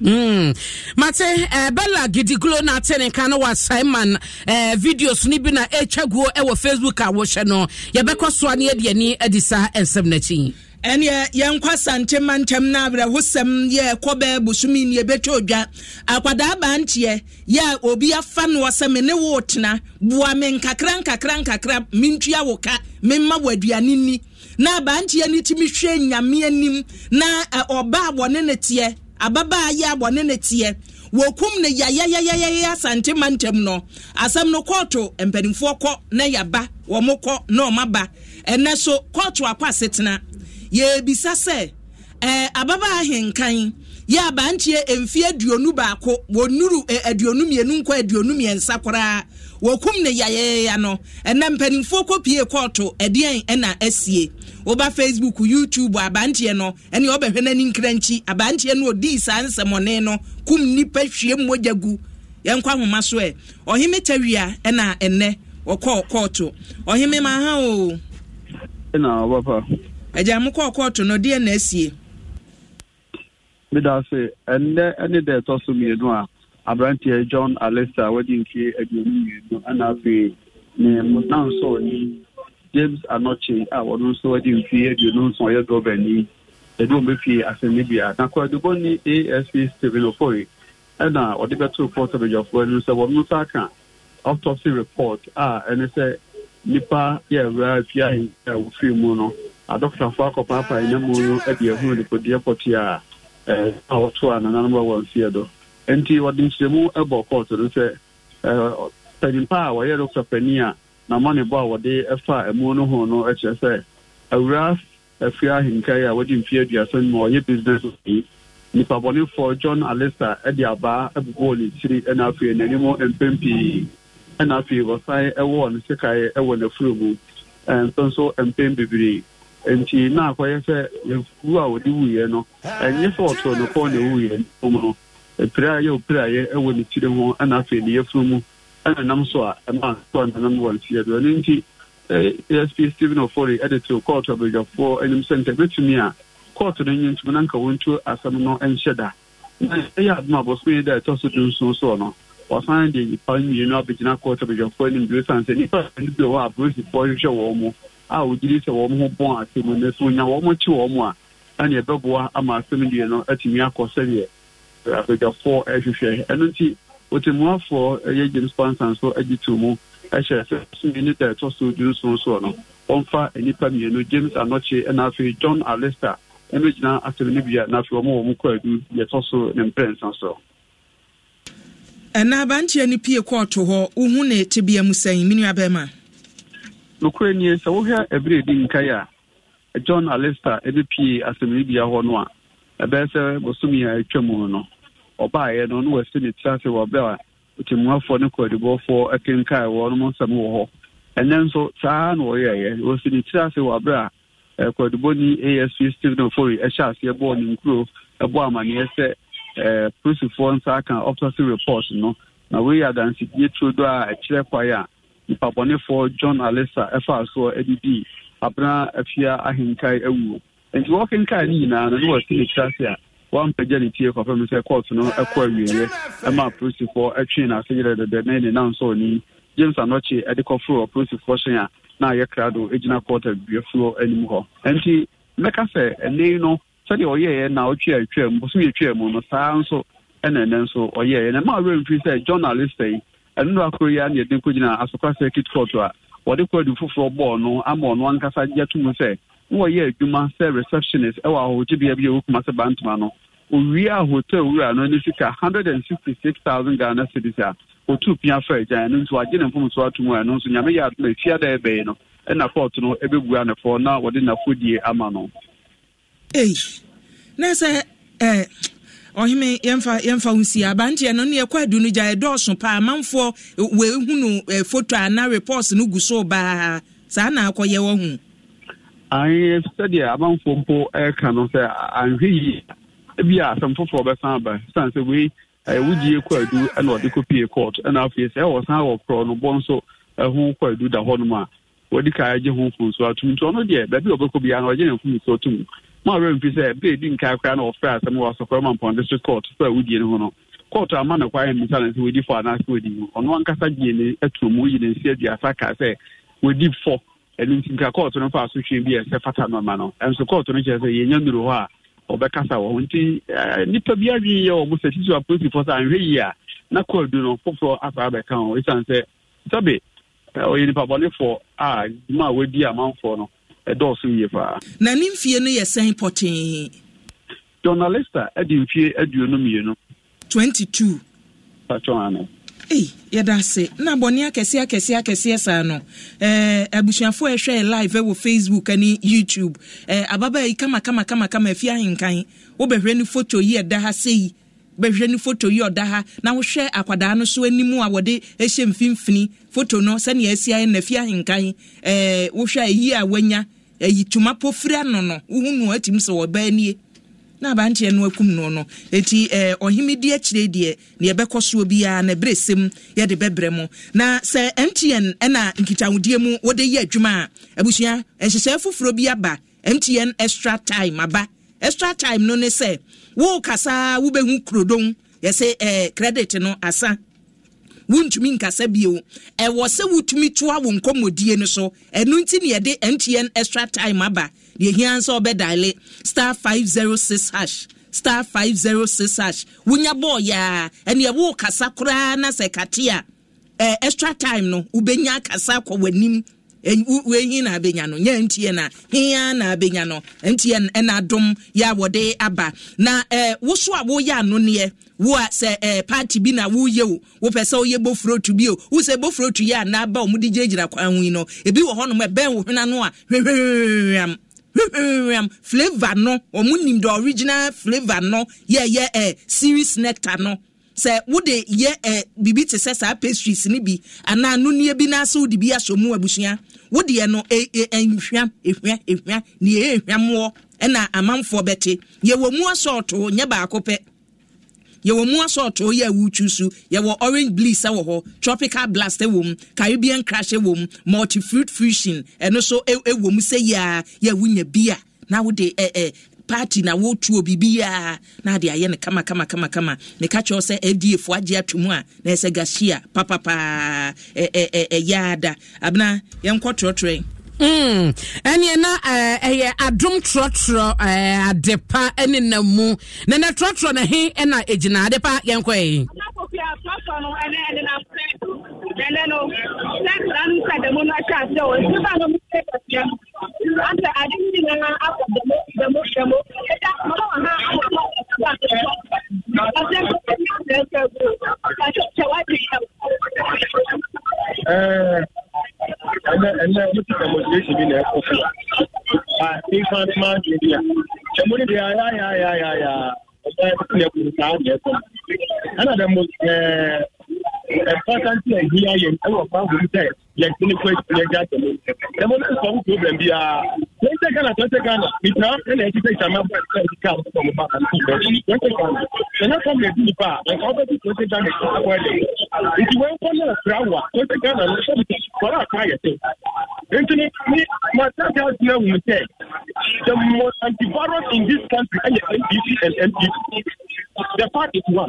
Hmm. mate eh, bella gidiglo no ate ne ka no wasae ma eh, videos no bi na ɛtwa guo wɔ facebook a wohyɛ no yɛbɛkɔ soa no yɛde ani adi saa ɛnsɛm no akyi ɛneɛ yɛnkɔ asantɛm antɛm no awerɛhosɛm yɛ kɔbɛɛ bosomi ne yɛbɛtwa odwa akwadaa baa nteɛ yɛ obi afa noɔ sɛ me ne wo tena boa me nkakra nkakra nkakra mentua wo ka memma wo aduane nni na abanteɛ no tumi hwɛ nyame anim na eh, ɔba a wɔne ne teɛ ababaa yi abɔne ne teɛ wɔkum ne yayayayayaya asantema ntɛm no asɛm no kɔɔto mpanimfoɔ kɔ na yaba wɔn kɔ na wɔn aba ɛnɛ so kɔɔto akɔ asetena yɛrebisa sɛ ɛɛ ababaa henkan yɛ abanteɛ mfie aduonu baako wɔnuru ɛ aduonu mmienu nkɔ aduonu mmiɛnsa koraa wɔkum ne yayayaya no ɛnɛ mpanimfoɔ kɔ pie kɔɔto ɛdeɛn ɛna asie. woba facebook youtube abanteɛ no ɛne ɔbɛhwɛ n'ani nkrankyi abanteɛ no odii saa nsɛmɔne no kum nnipa hwie mmogya gu yɛnkɔ ahoma so ɛ ɔheme tawia ɛna ɛnɛ kɔɔto ɔheme ma ha o ɛna agya mo kɔɔ kɔɔto no deɛ na asie meda se ɛnɛ ɛne dɛ ɛtɔ so mmienu a aberanteɛ john alesta wadi mfie aduonu mmienu ɛna afei ne mo nanso ni james anọchi ah, a wɔn nso wɔde nfi aduonu nson ɔyɛ gɔvani yɛde wɔn bɛfie asɛnnibea na kwaadubɔni asp stephen ofori oh ɛna ɔde bɛto report abadwafoɔ no sɛ wɔn nso aka autopsy report ah, ah, a ɛne sɛ nipa yɛ awura afi a wofiri mu no adɔkotafoɔ akɔpaapa ɛnyɛ mu no de ahunu nipadeɛ pɔte a ɛɛ a wɔto a nananom a wɔn fie do nti wɔde nkyerɛmu bɔ court no sɛ ɛɛ panyin pa a wɔyɛ dɔkota panyin a na amanebɔ a wɔde ɛfa ɛmo no ho no kyerɛ sɛ awura afiri ahenka yi a wɔde mfe aduasa mu ɔyɛ business yi nipa bɔnefoɔ john alisa de abaa bobɔɔ ne tiri ɛna afei n'anim mpɛn pii ɛna afei wɔsan ɛwɔ ne sekaeɛ ɛwɔ n'afuro mu nso nso mpɛn bebree nti na akɔyɛ sɛ ewu a wɔde wuiɛ no ɛnyɛ sɛ ɔtɔ ne kɔn na ewuiɛ no mu no epira yɛ opira yɛ ɛwɔ ne tiri ho ɛna afei ne yɛfuru mu ɛna nam so a ɛma so ananam wɔ nteɛ do ɛno nti asp eh, stephen ofori ɛde to kɔɔto abadwafoɔ anim sɛ nka bɛtumi a kɔɔto no nyɛ ntumi na nka wɔntuo asɛm no nhyɛ da na ɛyɛ adom a bɔsome yi da ɛtɔ so du nson soɔ no wɔsan de nnipa mmienu abɛgyina kɔɔto abadwafoɔ anim bio sane sɛ nnipa no bi wɔ a apolisifoɔ hwehwɛ wɔn mu a wɔgyiri sɛ wɔn ho bɔn asɛm no so nya wɔn kye wɔn mu a ɛne ɛbɛboa ama asɛm deɛ no atumi akɔ sɛdeɛ abadwafoɔ ɛhwehwɛ ɛno nti otemmuafoɔ ɛyɛ eh, james pansan so agye eh, eh, to mu ɛhyɛ sɛ sumi ne da ɛtɔ so du nson soɔ no wɔmfa nnipa mmienu james anɔkye ɛna afei john alester ɛmɛgyina asɛm no bia na afei ɔma wɔ mu kwaadu yɛtɔ so ne mprɛnsa so ɛna abanteɛ no pie kɔɔto hɔ wohu ne tebea mu sɛn me nuabɛma nokorɛ nie sɛ wohwɛ ɛberɛ ɛdi nkae a john alester ɛbɛpie asɛm no bia hɔ no a ɛbɛyɛ sɛ bosomi a atwa mu no ɔbaeɛ no na wɔasi ne tiri ase wɔ berɛ a ɔtɛmmuafoɔ ne kwadibɔfoɔ kenkae wɔ nom nsɛm wɔ hɔ ɛnɛ nso saa na wɔyɛeɛ wɔsi ne tiri ase wɔ berɛ a kwadibɔni asp stephen ofori ɛhyɛ aseɛ bɔɔ ne nkuro ɛbɔ amanneɛ sɛ polisifoɔ nsa aka autopsy report no na wei yɛ adansedie turodo a ɛkyerɛ kwae a nipabɔnefoɔ john alisa ɛfa soɔ adidii abena afia ahenkae awuo nti wɔkenkae no nyinaa no na wɔasi ne tiri ase a wampagya ne tie kɔfa mu sɛ court no ɛkɔ awieeɛ ɛma apolisifoɔ ɛtwee n'ase yerɛ dɛdɛ na ne nan ɔni james anɔkye ɛde kɔforo apolisifoɔ hyɛn a na ayɛ krado gyina court abuafoɔ anim hɔ ɛnti mɛka sɛ no sɛdeɛ ɔyɛeɛ na ɔtwea twea mu bosomyɛ twea mu no saa nso ɛna ɛnɛ nso ɔyɛeɛ na ma werɛmfiri sɛ journalist yi ɛno no akoro yi a ne yɛde nkɔgyina asokwa circuit court a wɔde kɔadu foforɔ bɔɔ no ama ɔno ankasa gya to mu na wɔyɛ adwuma sɛ receptionist ɛwɔ ahɔhogyebea bi a wɔkuma sɛ bantoma no owie a hotel wura no ne sika hundred and sixty six thousand ghana cedis a otu pia fɛ agyan no nti wagye ne mfomso ato mu a ɛno nso nyame yɛ adoma ɛfia da ɛbɛyi no ɛna kɔɔto no ɛbɛbua ne na wɔde n'afɔdie ama no ei na sɛ ɛɛ ɔhene yɛmfa yɛmfa ho si abanteɛ no ne yɛkɔ adu no gya ɛdɔɔso paa amanfoɔ wɔehunu ɛfoto anaa repɔs no gu so baa saa na akɔyɛ wɔ ho ahwenyɛ sɛdeɛ amanfoɔ mpo ɛka no sɛ ahwe yi ebi a asɛm foforɔ bɛsan aba san sɛ wei e wogyie kwaadu ɛna ɔde kɔpie court ɛna afei sɛ ɛwɔ e san wɔ korɔ no bɔ nso ɛho e kwaadu da hɔ nom a wɔde ka agye ho fo so atum nti ɔno deɛ baabi a ɔbɛkɔ biara no ɔgye ne mfom so tum ma ɔwerɛ mfi sɛ bɛɛ di nkae koraa na ɔfrɛ asɛm wɔ asɔkɔrɔma mpɔn district court sɛ wodie no ho no court ama ne kwae mmisa no sɛ wɔdi fɔ anaasɛ wɔdi mu ɔno ankasa gyee ne aturomu yi ne nsi aduasa ka sɛ wɔdi fɔ ɛno nti nka kɔɔto no fa asotwe bi a ɛsɛ fata no ma no ɛnso kɔɔto no kyerɛ sɛ yɛnya nnuro hɔ a ɔbɛkasa wɔ nti eh, nnipa bi adwene yɛ wɔ mo sɛ ti so apolisifoɔ sɛ anhwɛ yie a na kɔadu no foforɔ asaa bɛka ho ɛsiane sɛ sɛbe eh, ɔyɛ nipabɔnefoɔ a ma a wadi amanfoɔ no ɛdɔɔso yie paa na ne mfie no yɛ sɛn pɔtee journalista ɛde mfie aduonu mmienu 22 patwɔn ei yɛda ase na bɔne akɛseɛ akɛseɛ akɛseɛ saa no eh, abusuafoɔ ɛhwɛ live wɔ facebook ne youtube eh, ababaa yi kama kama kama kama afi ahenkan wobɛhwɛ no photo yi ɛda ha sɛyi bɛhwɛ no photo yi ɔda ha na wohwɛ akwadaa no so anim a wɔde ɛhyɛ mfimfini photo no sɛnea asi ayɛ no afi ahenkan eh, wohwɛ ayi a wanya ayi tuma pofira no no wohu nu atumi sɛ wɔbaa nie na abanteɛ no akum no no eti ɛɛ eh, ɔhene di akyire deɛ ne yɛbɛkɔ soɔ biara na ebere sɛm yɛde bɛbrɛ mu na sɛ mtn ɛna nkitahodie mu wɔde yɛ adwuma a abusua nhyehyɛ foforɔ bi aba mtn extra time aba extra time no ne sɛ wɔɔkasa wobɛhu kurodon yɛsɛ ɛɛ eh, credit no asa wontumi nkasa bio ɛwɔ sɛ wotumi toa wo nkɔmmɔdie no so ɛno nti ne yɛde Ntn extra time aba deɛ hia sɛ wobɛdale star 506 hash star 506 hash wonya bɔɔ yɛa ɛne ɛwo kasa koraa na sɛ kate a eh, extra time no wobɛnya Kasa akɔ w'anim wei na abɛnya no nye ntiɛ na na abɛnya no ntiɛ na adom ya aba na ɛɛ e, woso a woyɛ ano neɛ wo a e, bi na woyɛ o wopɛ sɛ woyɛ otu bi o wosɛ bofurotu yɛ a n'aba a wɔn de gyinagyina kwan ho yi ebi a no nim the original no series na wode wodeɛ no nhwam e, e, e, ehwia ehwia nea ɛyɛ ehwamwoɔ ɛna amanfoɔ bɛte yɛwɔ mu asɔɔto nyɛ baako pɛ yɛwɔ mu asɔɔto yɛ awutwu so yɛwɔ orange bliss wɔ hɔ tropical blast wɔ mu caribbean crash wɔ mu multi fruit fusion ɛno so ɛwɔ mu sɛ yia yɛ wunya bia na wode ɛɛ party na wotuo biribiaa na ade ayɛ no kama meka kyerɛw sɛ fda fo agye ato mu a na ɛsɛ gasia papapaa ɛyɛ ada abena yɛnkɔ torɔtorɔ hmm. ɛneɛ na ɛyɛ adom trɔtrɔ ade pa ne nam mu na na trɔtrɔ na he ɛna ɛgyina ade pa yɛnkɔ ɛ anda adini na na akɔ dɛmɛ dɛmɛ dɛmɛ ɛda mɔgɔ wa ha akɔ kɔ ɛfua tɛ ɔsɛ ko ɛdi tɛ ɛfɛ bro kasi tɛ wa di yɛ. ɛɛ ɛnɛ ɛnɛ ne ti ka motivation bi na ɛkɔ fún wa infant man ti di a ɛmu ni di a ya ya ya ya ya ɛfɛ ne kun ta mo ɛɛ important thing ɛfasa nti na ɛdi ayɛ ɛwɔ kwan wɔn sɛ yɛnti ne kɔ yɛnti atɛ mo na mo nso ɔmo problem bi aa twenty ghana twenty ghana nipa ɛna ɛti sɛ sama bɔ ɛti sɛ kaa ɔmo ɔmo ba kanti bɛ twenty ghana ɛna fam na ɛdi nipa a ɛka ɔbɛ ti twenty ghana ɛti akɔ ɛdɛ nti wɔn kɔ na ɛfra wa twenty ghana no sɛbi kɔla aka ayɛ sɛ nti ni ni ma tɛtɛ ati na wum sɛ the most antivirus in this country ɛyɛ ndc and ndc the part is one.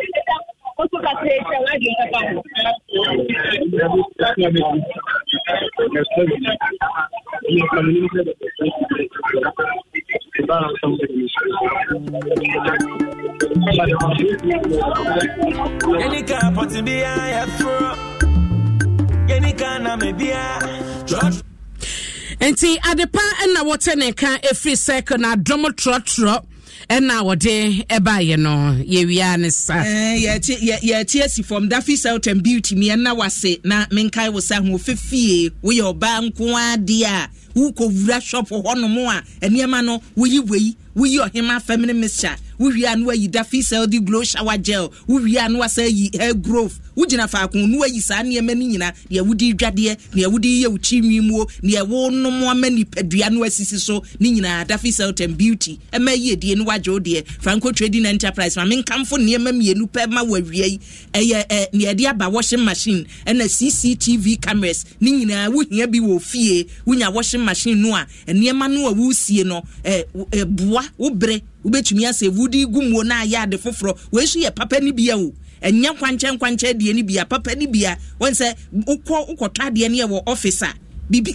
What's what I I do any kind of be I have any kind of maybe I George. And see, at the part and I want to make a second, I drum a trot ɛna wɔde ɛbaayɛ no yɛwia ne sa eh, yɛte asi fam dafi selton beauty miɛna wase na menkae wo sɛ ahoɔfɛ fie woyɛ ɔbaa nko adeɛ a wokɔwura shop hɔnom a nneɛma no woyi wei woyi ɔhema feminine mixture wowie a no ayi dafi sel de glow shower gel wowie a no wasa ayi hair growth wogyina faako no ayi saa nneɛma no nyinaa deɛ wode dwadeɛ nea wode yɛ wo kyinwi muo nea wonom ama nipadua no asisi so ne nyinaa dafi selton beauty ɛma yiedie no wagye wo deɛ franco trading enterprise ma menkamfo nneɛma mmienu pɛ ma wɔ awia yi ɛyɛ ɛ nea yɛde aba washing machine ɛna cctv cameras ne nyinaa wohia bi wɔ fie wonya washing machine no a nneɛma no a wosie no ɛ ɛ boa wo bere wobɛtumi asɛ wodi gu muo no ayɛ ade foforɔ wɔn nso yɛ papa no bia o ɛnyɛ nkwankyɛ nkwankyɛ deɛ no bia papa no bia wɔn sɛ wokɔ wokɔtɔ adeɛ no yɛ wɔ ɔfis a biribi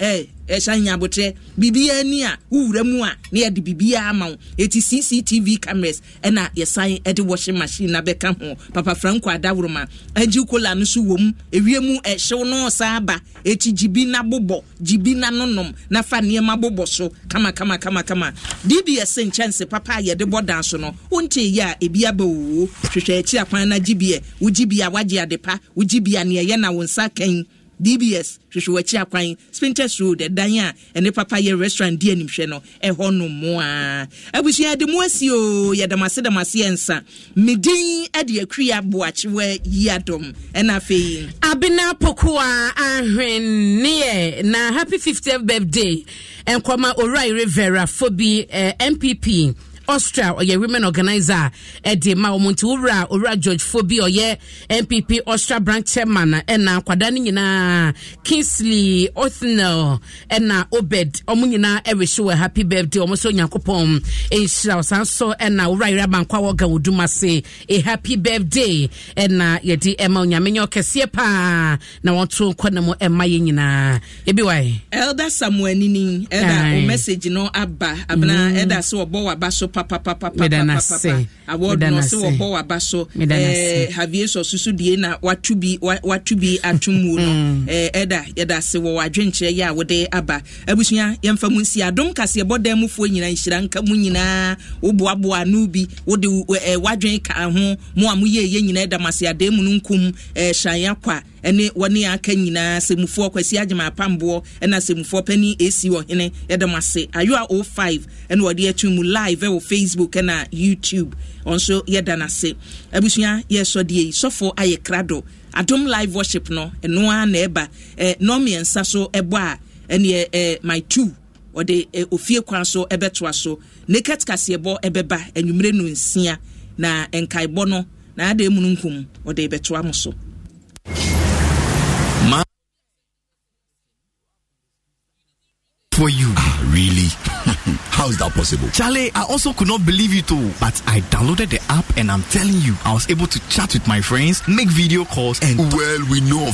ɛhyɛ nyabotrɛ biribiaa ni a wowura mu a na yɛde biribiaa ama wo ɛti cctv cameras ɛna yɛsan ɛde washing machine na bɛka ho papa franco adaworoma agye kola no so wɔ mu ɛwie mu ɛhyew no saa ba ɛti gyibi na bobɔ gyibi na nonom na fa nneɛma bobɔ so kama kama kama kama dbs nkyɛnse papa a yɛde bɔ dan so no wonte yi a ebi aba owuo hwehwɛ akyi akwan na gyibiɛ wogyibia wagye adepa pa wogyibia neɛyɛ na wo nsa kan dbs hwehwɛ w'akyi akwan spintex road ɛdan a ɛne papa yɛ restaurant di animhwɛ no ɛhɔ no mmoa abusua yɛde mu asi o yɛdamase damase yɛnsa medin de akuya boakyewa yi adom ɛna afei abena pokoa ahwenneɛ na happy 50th birthday nkɔma owura rivera fo eh, mpp austria ɔyɛ women organiser a ɛde ma wɔn nti wura wura george fo bi ɔyɛ npp austria branch chairman ɛna nkwadaa no nyinaa kingsley othnel ɛna obed wɔn nyinaa ɛrehye wɔ happy birthday wɔn nso nyankopɔn nhyira ɔsan so ɛna wura yɛrɛ abankwa wɔ ga wɔdum ase a happy birthday ɛna yɛde ɛma onyamenyɛ ɔkɛseɛ paa na wɔn to kɔ ne mu ɛma yɛ nyinaa ebi wa yɛ. elder samuel nini ɛda o message no aba abena ɛda mm. so ɔbɔ waba so awɔdnɔsɛ wɔbɔ waba so havieso eh, susu die na wato bi ato mu no ɛda yɛda ase wɔ adwenkyerɛ yɛ a wode aba abusua yɛmfa mu nsi adom kaseɛ bɔdan mufoɔ nyina nhyira nka mu nyinaa woboaboa no bi wode eh, wadwen ka ho mo a moyɛɛyɛ nyinaa ɛdam ase adan mu no nkom eh, hyane akwa ne wɔne aka nyinaa sɛmufoɔ kwasi agyema apamboɔ ɛna sɛmufoɔ pani ɛsi ɔhene yɛde ase ayoa 05 ɛna wɔde ato mu live ɛwɔ e facebook ɛna youtube ɔnso yɛda no ase abusua yɛsɔdeɛ yi sɔfoɔ ayɛ krado adom live worship no ɛno ara na ɛba eh, nɔmmiɛnsa so ɛbɔ a ɛneɛ e, my two ɔde e, ofie so ɛbɛtoa so naked kaseɛbɔ ɛbɛba no for you. Ah, really? How is that possible? Charlie, I also could not believe it too. But I downloaded the app and I'm telling you, I was able to chat with my friends, make video calls, and. Well, we know